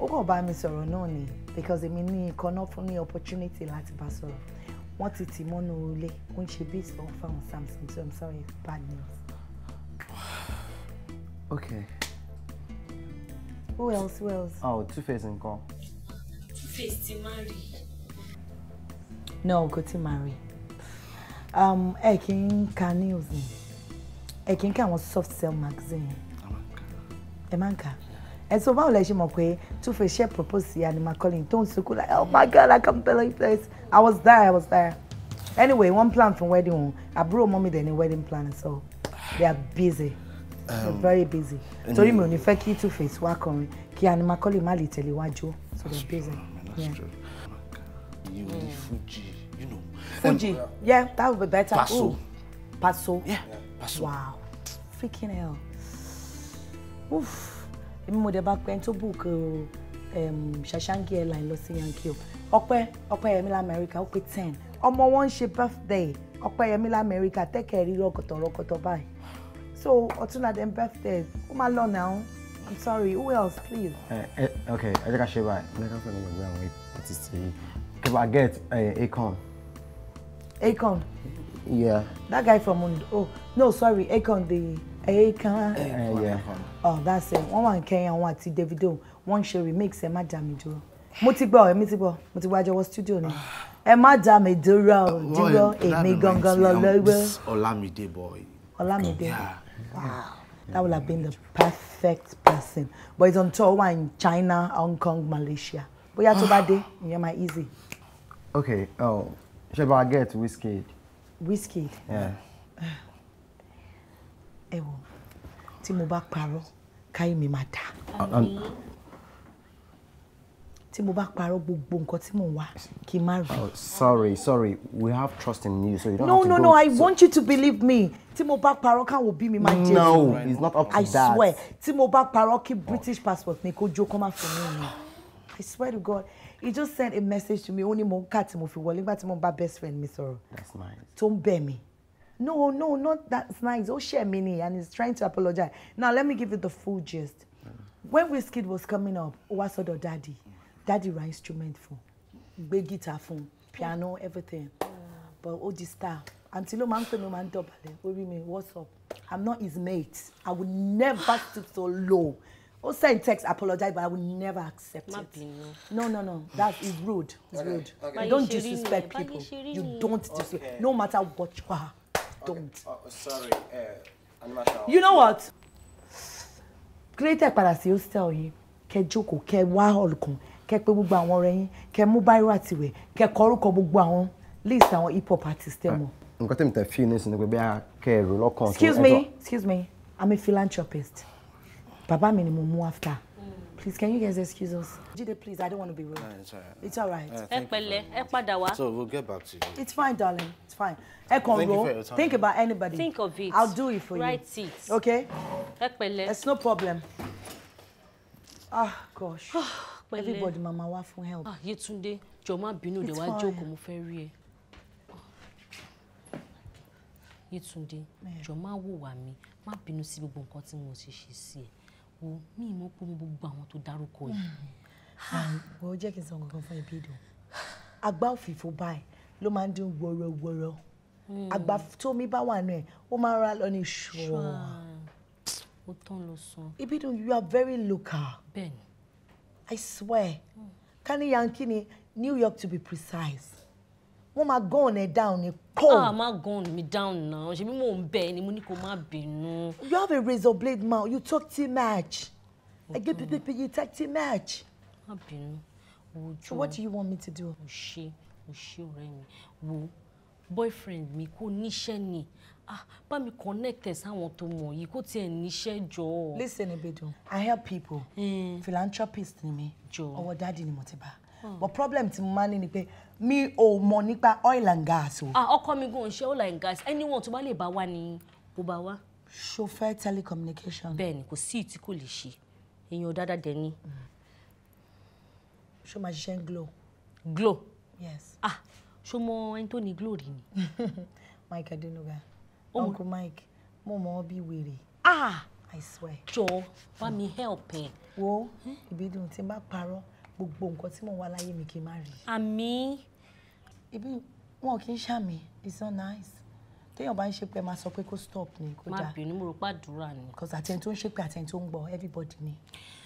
ó kàn bá mi sọ̀rọ̀ náà ni because èmi ní ìkànnà fún ní opportunity láti bá sọ̀rọ̀ wọ́n ti tì mọ́nú ilé ó ń ṣe based on found something so I'm sorry it's bad news. okay. who else who else. Ah, oh Two-Face nǹkan. Two-Face ti marry. no kò ti marry um, ẹ kì í ka news ẹ kì í ka àwọn soft cell magazine ẹ máa ń kà á. And so báwo lẹ ṣe mọ̀ pé Two-Face propose sí Annie Macaulay tó ń sunkún like oh my God I can't believe this I was there I was there anyway one plan fún wedding I brought mọ́mí dẹ̀ ní wedding plan so they are busy um, very busy So you mean if I keep Two-Face wá kọrin kí Annie Macaulay má lè tẹ̀lé wájú so they're are busy. That's yeah. true. You mm. Fuji, you know. Fuji, um, yeah, that would be better. Paso. Ooh. Paso. Yeah, Paso. Wow, freaking hell. Oof èmi mo dẹ̀ bá pẹ́ tó book ṣàṣàǹgì um, airline lọ sí yankee o ọpẹ́ ọpẹ́yẹmí lamẹ́ríkà ó pé ten ọmọ wọn ń ṣe birthday ọpẹ́yẹmí lamẹ́ríkà tẹ́kẹ̀ rí rọkọtọ̀ rọkọtọ̀ báyìí so ọ̀túnla dem birthday ó máa lọ náà i'm sorry who else please. ẹ eh, ẹ eh, ok ẹ jẹ́ ká ṣe báyìí ẹ jẹ́ ká fẹ́ mi gbàgbé àwọn ètò ti kí wàá get eh, akon. akon. yeah. that guy from ondo oh no sorry akon the ẹ̀ẹ́kan oh that's it wọ́n wà ń kẹ́yìn àwọn àti Davido wọ́n ń ṣe remix ẹ̀ má dá mi dúró mo ti gbọ́ ẹ̀mí ti bọ̀ mo ti wá jọwọ́ studio ni ah. ẹ má dá mi dúró o oh, dúró èmi gangan lọ lọ́gbẹ́. Olamide boy. Olamide wow that would have been the perfect person but it's on tour wa in China Hong Kong Malaysia bóyá tó bá dé ah. ìyẹn máa easy. okay oh, ṣé bá a get whiskey? Whiskey. Yeah ẹ wò tí mo bá parọ́ káyé mi máa dà tí mo bá parọ́ gbogbo nǹkan tí mo wà kí n má rí. Oh, sorry sorry we have trust in you so you don't no, have to no, go. no no no I so... want you to believe me tí mo bá parọ́ káwọn òbí mi máa jẹ́ no right. it's not up to I that I swear tí mo bá parọ́ kí British passport mi kó jó kọ́ má fún mi I swear to God he just sent a message to me ó ní mo ń kà tí mo fi wọlé nígbà tí mo bá best friend mi sọ̀rọ̀ tó ń bẹ̀ mí no, no, not that's nice. Oh, share mini, and he's trying to apologize. Now, let me give you the full gist. When Wizkid was coming up, what's Owasodo daddy, daddy ra instrument for, big guitar fún, piano, everything. But ó di star, until ló máa ń pè mí, ó máa what's up? I'm not his mate. I would never stoop so low. Oh, send text apologize, but I will never accept Ma it. No, no, no. That's it's rude. It's okay, rude. Okay. You don't disrespect people. You don't disrespect. Okay. No matter what you are don't. Oh, sorry, uh, eh, animation. you know what creator padà sí hostel yìí kẹ jókòó kẹ wá hall kan kẹ pé gbogbo àwọn ọ̀rẹ́ yín kẹ mú báírò àtiwẹ̀ kẹ kọ orúkọ gbogbo àwọn list àwọn hip hop artist ẹ eh, mọ. nǹkan tẹ̀mí tẹ̀ fi ní sinmi pé bí a kẹ lọ́kàn. excuse me excuse me i'm a philanthropist bàbá mi ni mo mú after Please, can you guys excuse us? Jide, please, I don't want to be rude. No, it's all right. It's all right. Uh, thank you very much. So we'll get back to you. It's fine, darling. It's fine. Thank you for your time. Think about anybody. Think of it. I'll do it for Write you. Right it. Okay? It's no problem. Ah, gosh. <sighs> Everybody, Mama, wá fún help. Ah, Yetunde, jọ̀ọ́ binu de wa jókòó mo fẹ́ Yetunde, jọ̀ọ́ wo wò wá mi, má bínú sí gbogbo nǹkan tí mo ti ṣe wo mi ì mọ̀ pé mo gbogbo àwọn tó dárúkọ yìí. wọ́n hmm. jẹ́ kí n sọ nǹkan fún ibi ìdùn àgbá òfìfo báyìí ló máa ń dín wọ́rọ́wọ́rọ́ hmm. àgbà tó mi bá wà náà ó máa ń ra lọ ní ṣọ́ ó tán lọ sàn. ibi dùn you are very local. bẹ́ẹ̀ni. I swear mm. kani yankini New York to be precise wọ́n máa gone ẹ̀ down ni cold. ah má gone mi down now ṣe bí mò ń bẹ̀ ni mo ní kó má bínú. you have a razor blade mouth you talk too much ẹgbẹ́ pípípí you talk too much. má bínú ojú so what do you want me to do. o ṣe o ṣe ọ̀rẹ́ mi wo boyfriend mi kò níṣẹ́ ni ah bá mi connect ẹ sáwọn tó mọ̀ yìí kó tiẹ̀ níṣẹ́ jọ. listen Ìbídùn i help people mm. philanthropist ni mi ọwọ́ dáàdi ni mo ti bá ah. but problem tí mo máa ní ni pe mi ò mọ̀ nípa oil and gas o. Ah, ọkọ mi gan ṣe oil and gas anyone tó bá lè bá wa ni kò bá wa. chauffeur telecommunication. bẹ́ẹ̀ni kò sí ìtí kò lè ṣe èèyàn dáadáa dẹ ni. ṣó máa ṣiṣẹ́ glow. glow. yes. ah ṣó mọ ẹni tó ní glow rí ni. <laughs> mike adenuga oh. uncle mike mo mọ ọ bí wèrè. ah i swear. jọ bá mi help ẹ. wo ìbídùn tí n bá parọ́ gbogbo nǹkan tí mò ń wá láyé mi kì í má rí. àmín. ibi wọn kì í ṣàmì it's not nice téèyàn bá ń ṣe pé máa sọ pé kó stop ni kó dáa má bínú mo rò pé àdúrà ni. because àtẹni tó ń ṣe pé àtẹni tó ń gbọ́ everybody ni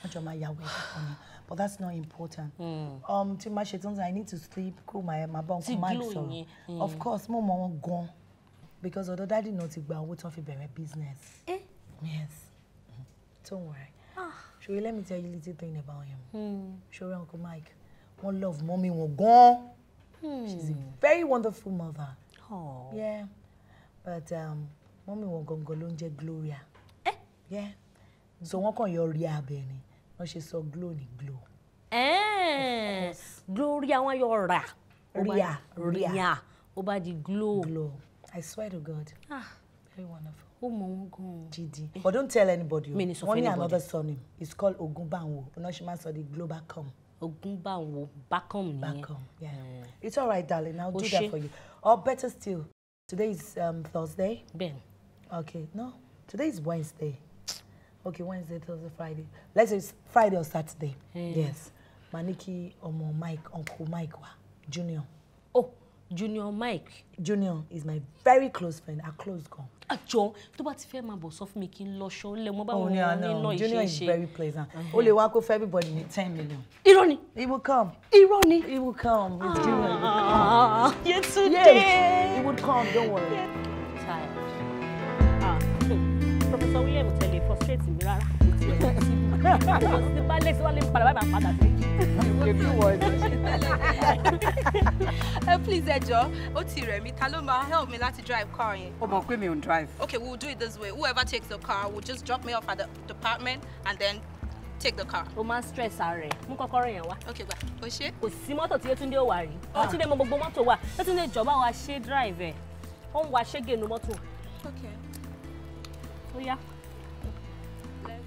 wọ́n jọ máa yàwó ẹ̀ka kan ni but that's not important. Hmm. Um, tí máa ṣe tó ń sọ i need to sleep kó máa máa bá ọkùnrin máa sọ̀rọ̀ hmm. of course mo mọ̀ wọ́n gan because ọ̀dọ̀ dáàdì náà ti gba owó tí wọ́n fi bẹ̀rẹ̀ business. Eh? yes don't worry. Ah ṣòro let me tell you little thing about him hmm. ṣòro uncle Mike wọ́n love mọ́mí wọn gan-an hmm. she's a very wonderful mother Aww. yeah but mọ́mí um, wọn gangan ló ń jẹ́ Gloria eh? yeah so wọ́n kàn yọ rí abẹ ni wọ́n ṣe sọ glow ni glow. Eh. Gloria wọn yọ rà ríà ríà ó bá di glow. glow I swear to God ah. very wonderful ó mọ wọn gan-an. Jídé eh. but don't tell anybody o mi ni sọ fún anybody wọ́n ní another surname it's called Ogunbanwo onosima sọ global com. Ogunbanwo Bakam nìyẹn. Bakam yeah mm. it's alright darling I'll do that for you or better still today is um, Thursday. Ben. okay no today is Wednesday okay Wednesday Thursday Friday let's say it's Friday or Saturday. Mm. yes maniki ọmọ Mike Uncle Mike wa Junior. oh Junior Mike. Junior is my very close friend our close gan àjọ ah, tó bá ti fẹ́ máa bọ̀ sọ fún mi kí n lọ ṣọ́ lẹ̀ mọ́ báwọn oh, ní iná ìṣeéṣe. junior is very pleasant o lè wá kó fẹ́ everybody ní ten million. irọ́ ni. he will come. irọ́ ni. he will come with ah. junior he will come. yes he will come don't worry. Ah, professor william tẹ̀lé frustrate mi rárá tí <laughs> eh, please ẹ Oti remi ti rẹ̀ help me to drive car yẹn. o mọ̀ pé drive. okay we'll do it this way whoever takes the car will just drop me off at the department and then take the car. o máa ń stress ara ẹ mú kọ́kọ́rọ́ yẹn wá. ok gba o ṣe. kò sí mọ́tò tí Yétúndé ò wà rí ah. Yétúndé mọ gbogbo mọ́tò wa Yétúndé jọba wa ṣe drive ẹ ó ń wa ṣégenu mọ́tò. ok. ó yá. Yeah.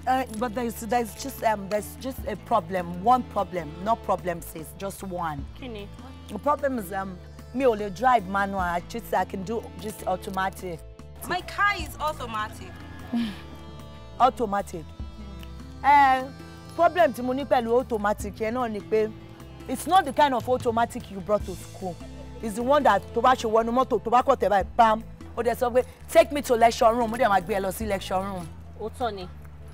Uh, but there's there's just um there's just a problem one problem not problem sis just one. Kini. The problem is um me only drive manual I just I can do just automatic. My car is automatic. <laughs> automatic. Mm. Uh, problem tí mo ní pẹ̀lú automatic yẹn náà ni pé it's not the kind of automatic you brought to school it's the one that to bá ṣe wọnú mọ́tò to bá kọ̀ tẹ̀ báyìí pam ó dẹ̀ sọ pé take me to lecture room ó dẹ̀ máa gbé ẹ lọ lecture room. ó tọ́ ni.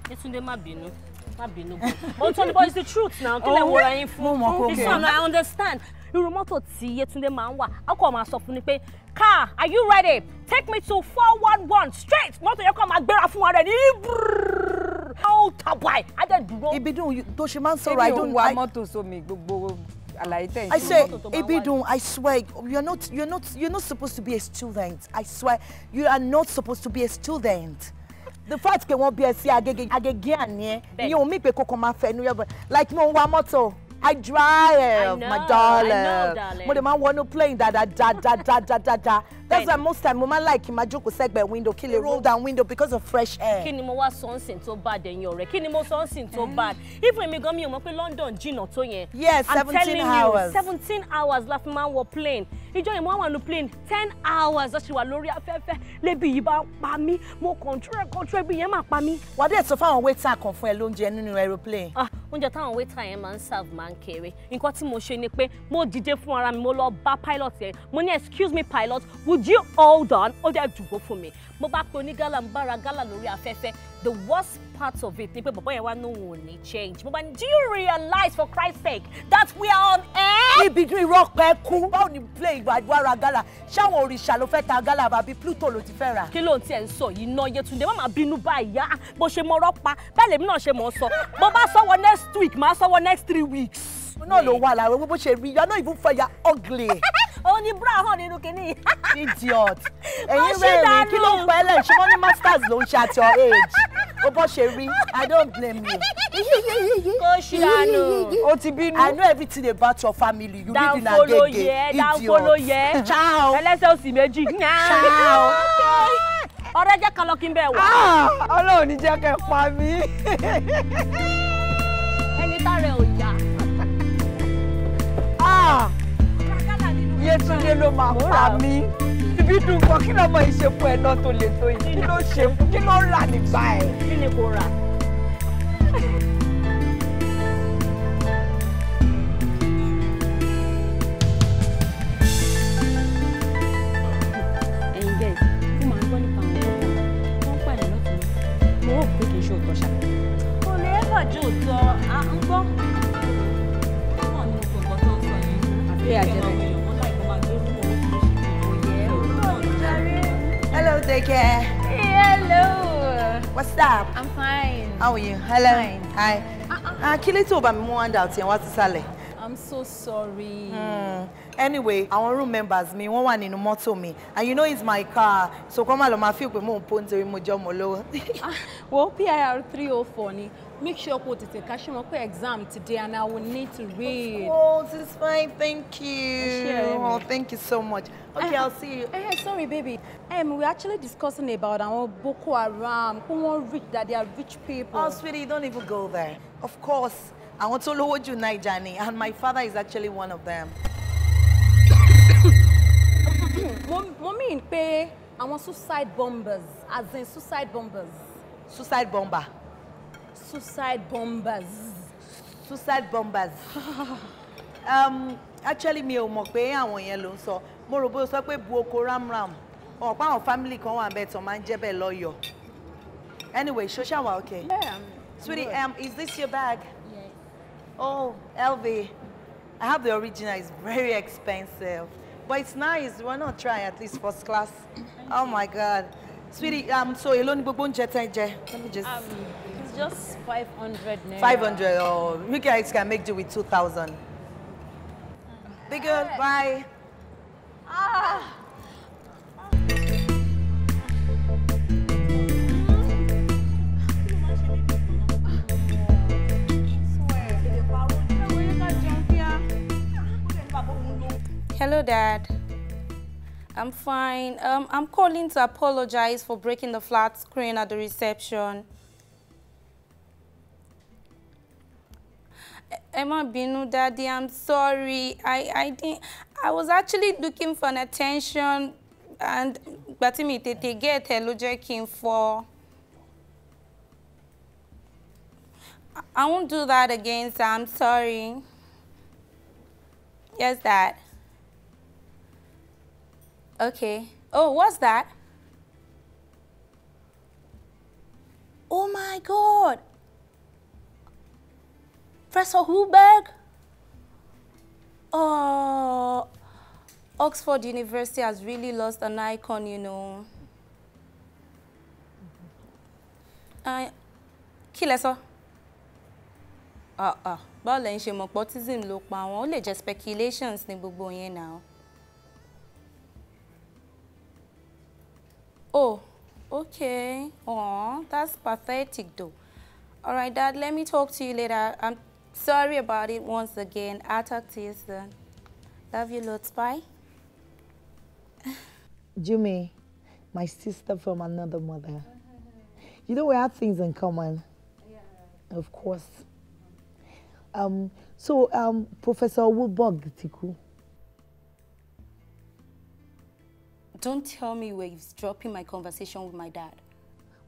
Yetunde má binu, má binu. but Tony boy it's the truth now kí lè oh, wo ra yín fún this one I understand irú mọ́tò tí Yetunde máa ń wà á kọ́ máa sọ fún ni pé car are you ready take me to 411 straight mọ́tò yẹn kọ́ máa gbéra fún wa rẹ̀ ní how tabai I dẹ̀ dúró. ibi dùn tó ṣe man ń sọ̀rọ̀ I don't wa mọ́tò sómi gbogbo I say Ibidun I swear you're not you're not you're not supposed to be a student I swear you are not supposed to be a student the fact pé wọ́n bí ẹ e sí agége agége àní e. ẹ ìyẹn omi pé kókó máa fẹ́ ẹnu yọ̀bọ̀ like mo ń wa mọ́tò I drive I know, my darling. I know, darling. Mo play da da da da da da da. That's why most time mo ma like ma jókòó sẹ́gbẹ̀ window kí lè roll down window because of fresh air. Kini ni mo wá sọ́nsìn tó bad ẹ̀yin ọ̀rẹ́? Kí ni mo sọ́nsìn tó mm. bad? Even èmi gan mi ò mọ̀ pé London jìnnà tó yẹn. Yes, seventeen hours. I'm seventeen hours la fi máa ń plane ìjọ yẹn mo wà nù plane ten hours ọ̀ṣẹ̀ wà lórí afẹ́fẹ́ lébi yìí bá pa mí mo control control ibi yẹn máa pa mí. wà á dẹ̀ sọ fáwọn waiter kan fún ẹ lóúnjẹ nínú aeroplane. Ah, oúnjẹ táwọn waiter yẹn máa ń serve máa ń kéré nǹkan tí mo ṣe ni pé mo dìde fún ara mi mo lọ bá pilot yẹn mo ní excuse me pilot would you hold on ó dẹ̀ dùbò fún mi bó bá pe onígálà ń bára gálà lórí afẹ́fẹ́ the worst part of it ni pé bàbá yẹn wá ní òun ò ní change mo bá ní do you realize for Christ's sake that we are on air. ibi dún irọ́ pẹ́ kú báwo ni play ìwà ìwára gálà ṣáwọn òrìṣà ló fẹ́ ta gálà àbí Pluto ló ti fẹ́ rà. kí ló ń tiẹ̀ ń sọ yìí ná Yétúndé má máa bínú báyà bó ṣe mọ ọ̀rọ̀ pa bẹ́ẹ̀ lèmi náà ṣe mọ̀ ọ́ sọ bó bá sọ́wọ́ next week máa sọ́wọ́ next three weeks náà ló wà lára bó ṣe rí you are not even fair you are ugly. òun <laughs> ni bra hàn nínú kínní. <laughs> idiot ẹ̀yin rẹ̀ kí ló ń pa ẹlẹ́ ṣé masters ló ń at your age ó bọ́ ṣe i don't blame you. kò ṣe àná. o ti bínú. i know everything about your family you live in agege idiot. danfolo yẹ ciao ẹlẹ́sẹ̀ òsì méjì. ciao ọ̀rẹ́ jẹ́ kan lọ kí n bẹ̀ wá. Ah, Ọlọ́run ní jẹ́ kẹ́ pa mí. ẹni tá rẹ̀ Yétúndé ló máa pa mí ibi dùn kan kí lọmọ yìí ṣe fún ẹ náà tó lè tó yìí kí ló ṣe kí ló rà nígbà ẹ. kí ni kò rà. ó Hello, Daycare. Hey, hello. What's up? I'm fine. How are you? Hello. Fine. Hi. Uh-uh. Ah, kí ló tó bá mi mú hand out yẹn wá sí I'm so sorry. Mm. Anyway, our room members mi one wà nínú mọ́tò me, and you know it's my car so kọ́ máa lọ máa fi pé mò ń pọ́ńtorí mo jọ́ mọ́ PIR three oh four ni make sure kó tètè ká ṣe mọ̀ pé exam today and I will need to read. Oh, this is fine, thank you. Oh, thank you so much. Okay, eh, I'll see you. Hey, eh, sorry, baby. Um, we're actually discussing about àwọn Boko Haram, who want rich, that they are rich people. Oh, sweetie, don't even go there. Of course, àwọn tó lówó jù Naija ni, and my father is actually one of them. <coughs> Mo mean pé àwọn suicide bombers, as in suicide bombers. Suicide bomber. Suicide bombers. Suicide bombers. <laughs> um, actually mi ò mọ̀ pé àwọn yẹn ló ń sọ mo rò bó sọ pé bu ramram wọn pa àwọn family kan wà ń bẹ tán máa ń jẹ́ bẹ́ẹ̀ lọ́yọ̀ anyway ṣó wa okay. Yeah, sweetie um, is this your bag. Yeah. oh LV I have the original it's very expensive but it's nice why not try at least first class oh my God sweetie um, so èló ni gbogbo oúnjẹ tẹ́ jẹ let me just. Um, just 500 now. 500 or you guys can make do with 2,000. Be good, bye. Ah. Hello, Dad. I'm fine. Um, I'm calling to apologize for breaking the flat screen at the reception. Emma bínú daddy i'm sorry i i didn't i was actually looking for an attention and but me, they they get a ló for. i won't do that again so i'm sorry yes dad okay oh what's that oh my god Professor Hulberg Oh, Oxford University has really lost an icon, you know. Kí lẹ sọ? ah, ah lẹ́yìn ṣe mọ̀ pé autism ló pa wọn? Ó only just speculations ní gbogbo yẹn náà. Oh, okay. Oh, that's pathetic though. All right, Dad, let me talk to you later. I'm Sorry about it once again. I'll talk to you soon. Love you lots. Bye. <laughs> Jimmy, my sister from another mother. You know, we have things in common. Yeah. Of course. Um, so, um, Professor Wubog Tiku. Don't tell me we're dropping my conversation with my dad.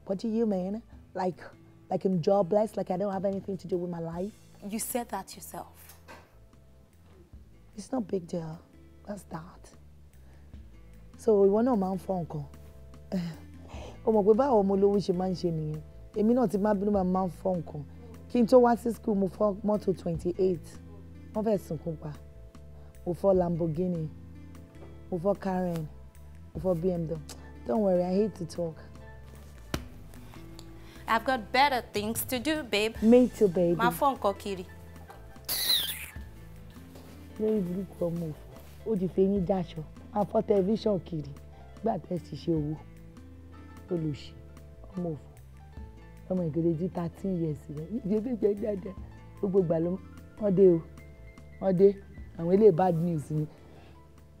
What do you mean? Like, like I'm jobless, like I don't have anything to do with my life? You said that yourself. It's not big deal. That's that. So we want máa man fọ nǹkan. O <sighs> mọ̀ pé báwo ọmọ olówó ṣe máa ń ṣe nìyẹn. Èmi náà ti máa bínú máa ń fọ nǹkan. Kí n tó wá sí school mo fọ mọ́tò twenty eight. Wọ́n fẹ́ sunkún pa. Mo fọ Lamborghini. Mo fọ Karen. Mo fọ BMW. Don't worry, I hate to talk. I've got better things to do, babe. Me too, baby. My phone call, kiri. Lórí burúkú ọmọ òfò, ó ti fi eyín dáṣọ, máa fọ́ tẹlifíṣàn kiri, gbà tẹ́ sì ṣe owó. Olùṣí, ọmọ òfò, ọmọ ìgbèrè ju thirteen years rẹ̀, ìdí ebi gbẹ dáadáa. Gbogbo ìgbà ló I'm dé o, wọ́n dé, àwọn eléyìí bad news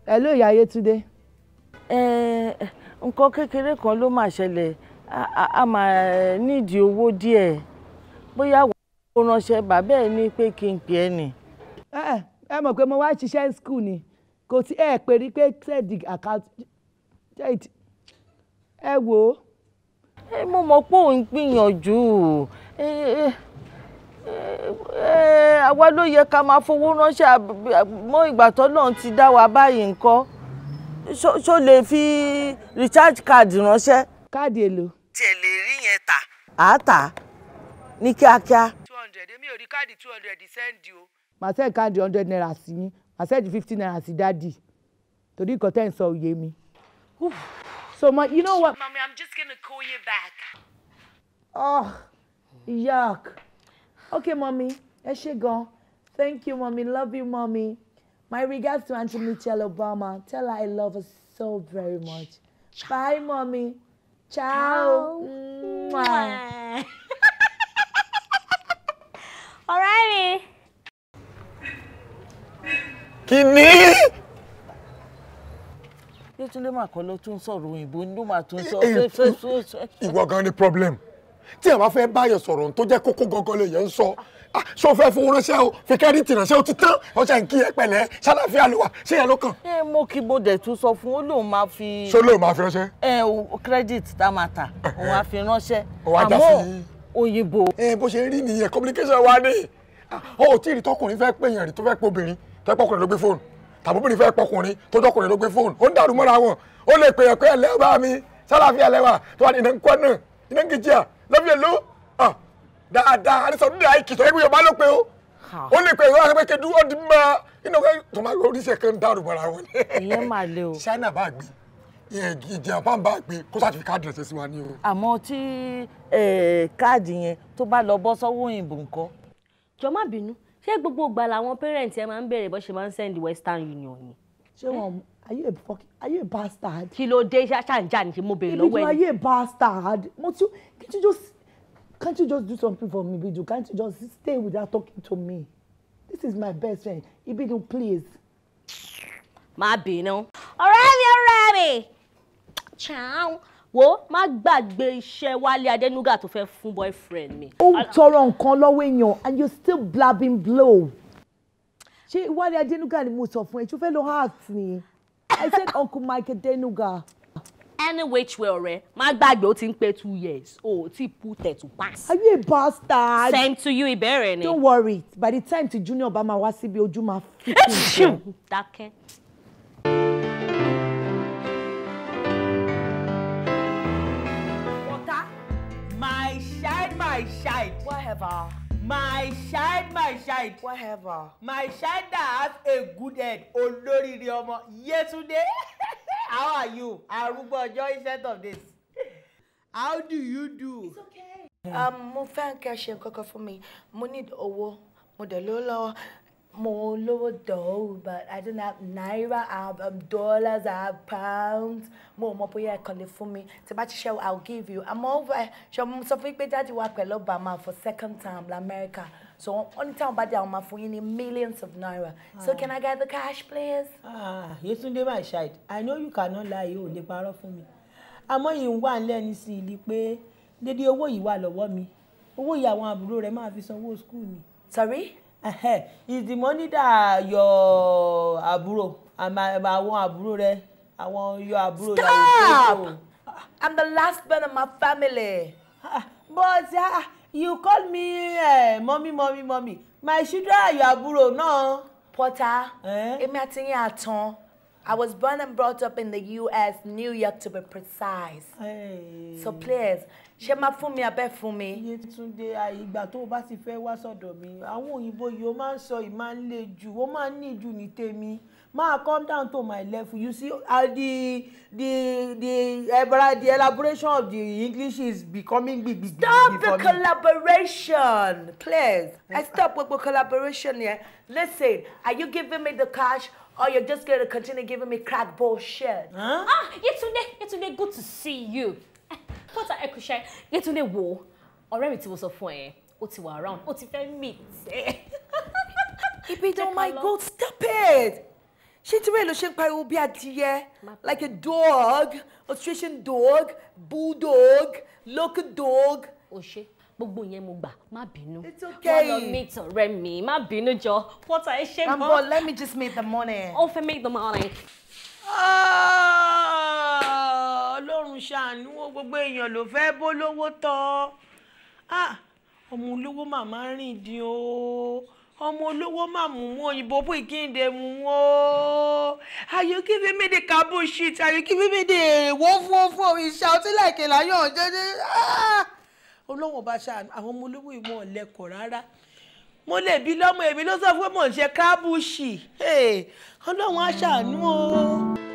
Hello, ìyá Yétúndé. Ẹ nǹkan kékeré kan ló máa ṣẹlẹ̀ a máa nídìí owó díẹ̀ bóyá wọ́n kó ránṣẹ́ bàbá ẹ̀ ní pé kí n pè é nì. ẹ mọ̀ pé mo wá ṣiṣẹ́ ní skul ni kò tí ẹ pè rí pé sẹ́ẹ̀dì àkáǹtì ẹ wò ó. mo mọ̀ pé òun gbìyànjú àwa ló yẹ ká máa fowó ránṣẹ́ mọ́ ìgbà tọ́lọ́run ti dá wa báyìí ńkọ́ ṣó lè fi recharge card ránṣẹ́. káàdì èlò tiẹ̀ rí yẹn tà. a tà ní kíákíá. two hundred èmi ò rí káàdì two hundred sẹ́ǹdì o. màá sẹ́ǹdì káàdì hundred naira sí yín màá sẹ́ǹdì fifty naira sí dáàdì torí nǹkan tẹ́ ń sọ òye mi. so ma you know what. mami i'm just gonna call you back. oh yuck okay mami ẹ ṣé gan thank you mami love you mami my regards to Auntie michelle obama tell her i love her so very much bye mami. Ciao. Mwah. <laughs> Alrighty. Kini. Yétúndé mà kọ́ ló tún sọ̀rọ̀ òyìnbó ni ó máa tún sọ fẹ́fẹ́fẹ́. Eh, eh, ìwọ gan ni problem. Tí àwọn afẹ́ báyọ̀ sọ̀rọ̀ tó jẹ́ kókó gangan lè yẹn ń sọ sọ ah, fẹ́ fowó ránṣẹ́ o fi kẹ́rìtì ránṣẹ́ o ti tán ọjà ń kí ẹ pẹ̀lẹ́ ṣàlàfíà ló wà ṣé yẹn ló kàn. ṣé mo kí mo dẹ̀ tún sọ fún ó lóun máa fi. ṣó lóun máa fi ránṣẹ́. ẹ o credit tá a máa tà òun á fi ránṣẹ́ àmọ́ òyìnbó. ẹ bó ṣe rí nìyẹn communication wa ní ọ ah, ò tí ì rí tọkùnrin fẹ́ pé èèyàn rí tó fẹ́ pé obìnrin tó fẹ́ pọkùnrin ló gbé fóònù tàbóbìnrin fẹ́ pọkùnrin tó jọkùnrin ló gbé fóònù ó ń dàrú mọ́ra wọn ó lè pè é pé ẹ lẹ́wọ̀ bá mi ṣàlàfíà lẹ́wà tó wà ní ìnáńkọ́ dáadáa àdìsọdún dà ìkì tó yẹ kí Yorùbá ló pé o ó lè pé Yorùbá pé kedu ọdún mọ inú ọgbẹ tó máa oríṣi kan dárò bọra wọn. ìyẹn máa le o. China bá gbé Japan bá gbé kó sáà fi káàdì rẹ̀ sí wa ní o. àmọ́ tí káàdì yẹn tó bá lọ bọ́ sọ́wọ́ òyìnbó nǹkan. jọ bínú ṣé gbogbo ìgbà làwọn pẹrẹǹtì ẹ máa ń béèrè bó ṣe máa ń send Western Union ni. ṣé wọn are you a fucking are you a bastard. kí ló dé ṣáṣá ń jà ní mo béèrè lọ́wọ́ ẹ. ibi are you a bastard mo can you just Can't you just do something for me, Bidu? Can't you just stay without talking to me? This is my best friend. Ibidu, please. Má bínú. Ọ̀rẹ́ mi, ọ̀rẹ́ mi. Ciao. Wo má gbàgbé iṣẹ́ Wálé Adénúgà tó fẹ́ fún boyfriend mi. Ó ń tọrọ nǹkan lọ́wọ́ èèyàn and you still blabbing blow. Ṣé Wálé Adénúgà ni mo sọ fún ẹ? Ṣé o fẹ́ lọ heart ni? I said Uncle Mike Adénúgà any which way ọ̀rẹ́ má gbàgbé ó ti ń pé two years o ò tí put it to pass. are you a bastard. same to you ìbéèrè ni. don't worry by the time ti junior bá máa wá síbi ojú máa fi kí n jẹ. my child my child. whatever my child my child. whatever. my child that a good head olóríire ọmọ yesterday how are you arúgbó ọjọ́ instead of this how do you do. it's okay. Um, mo fẹ́ kẹ́ ṣe nǹkan kan fún mi mo need owó mo dẹ̀ lọ́wọ́ mo lówó dọ̀ọ́ but I don't have naira I have um, dollars I have pounds mo mọ bóyá ẹ̀kan lè fún mi tí bá ti ṣe I will give you àmọ́ eh, ṣọmọ sọ fún mi pé jáde wá pẹ̀lú Obama for second time America. so only time táwọn bá dé àwọn máa fún yín ní millions of naira so ah. can I get the cash please. ah Yetunde my child I know you cannot lie o lè parọ́ fún mi àmọ́ yìí ń wà lẹ́ni sí i ni pé dédé owó yìí wà lọ́wọ́ mi owó yìí àwọn àbúrò rẹ̀ máa fi sanwó school ni. sorry is the money that your aburo. àbúrò àwọn àbúrò rẹ àwọn your aburo. rẹ. stop i'm the last born of my family. Ah, but uh, you call me uh, mommy mommy mommy my children are your aburo, náà. No? Porter eh? èmi àti yín aton. I was born and brought up in the U.S., New York to be precise. Hey. So please, ṣé máa fún mi abẹ́ fún mi. Yétúndé ìgbà tó o bá ti fẹ́ wá sọ̀dọ̀ mi, àwọn òyìnbó yìí ó máa ń sọ yìí máa ń le jù, ó máa ń ní jù ní tèmi. Máa come down to my level. You see, uh, the the the the elaboration of the English is becoming big. big stop the collaboration, please. I stop with the collaboration here. Listen, are you giving me the cash? or you're just going to continue giving me crack bullshit. Huh? Ah, Yetunde, Yetunde, good to see you. Eh, what ẹ kú iṣẹ́, Yetunde wo, Already, mi tí mo sọ fún ẹ, ó ti wà around, ó ti fẹ́ meet ẹ. <laughs> my God, stop it! Ṣé tí wẹ́ẹ̀ ló ṣe ń pariwo bí adìyẹ? Like a dog, Australian dog, bulldog, local dog. Ó ṣe gbogbo yẹn mo gbà má bínú wọn lọ meet ọ̀rẹ́ mi má bínú jọ pọta ẹ ṣe mọ. ambo let me just make the money. ó fẹ́ make the money. Ah, ọlọ́run ṣàánú gbogbo èèyàn ló fẹ́ bó lówó tọ́ ah, ọmọ olówó màmá rìn dín o ọmọ olówó máa mú mú òyìnbó bó ìkíndé mú o are giving me the cabo shit are giving me the wọ́fọ́fọ́ ìṣàtúlẹ̀ ìkẹlẹ̀ ayọ̀ jẹ́jẹ́ ọlọ́run ọba ṣáà àwọn ọmọ olówó ìmọ̀ ọ̀lẹ́kọ̀ rárá mo lè bí lọ́mọ èmi ló sọ pé mò ń ṣe kábùṣì ọlọ́run á ṣàánú o.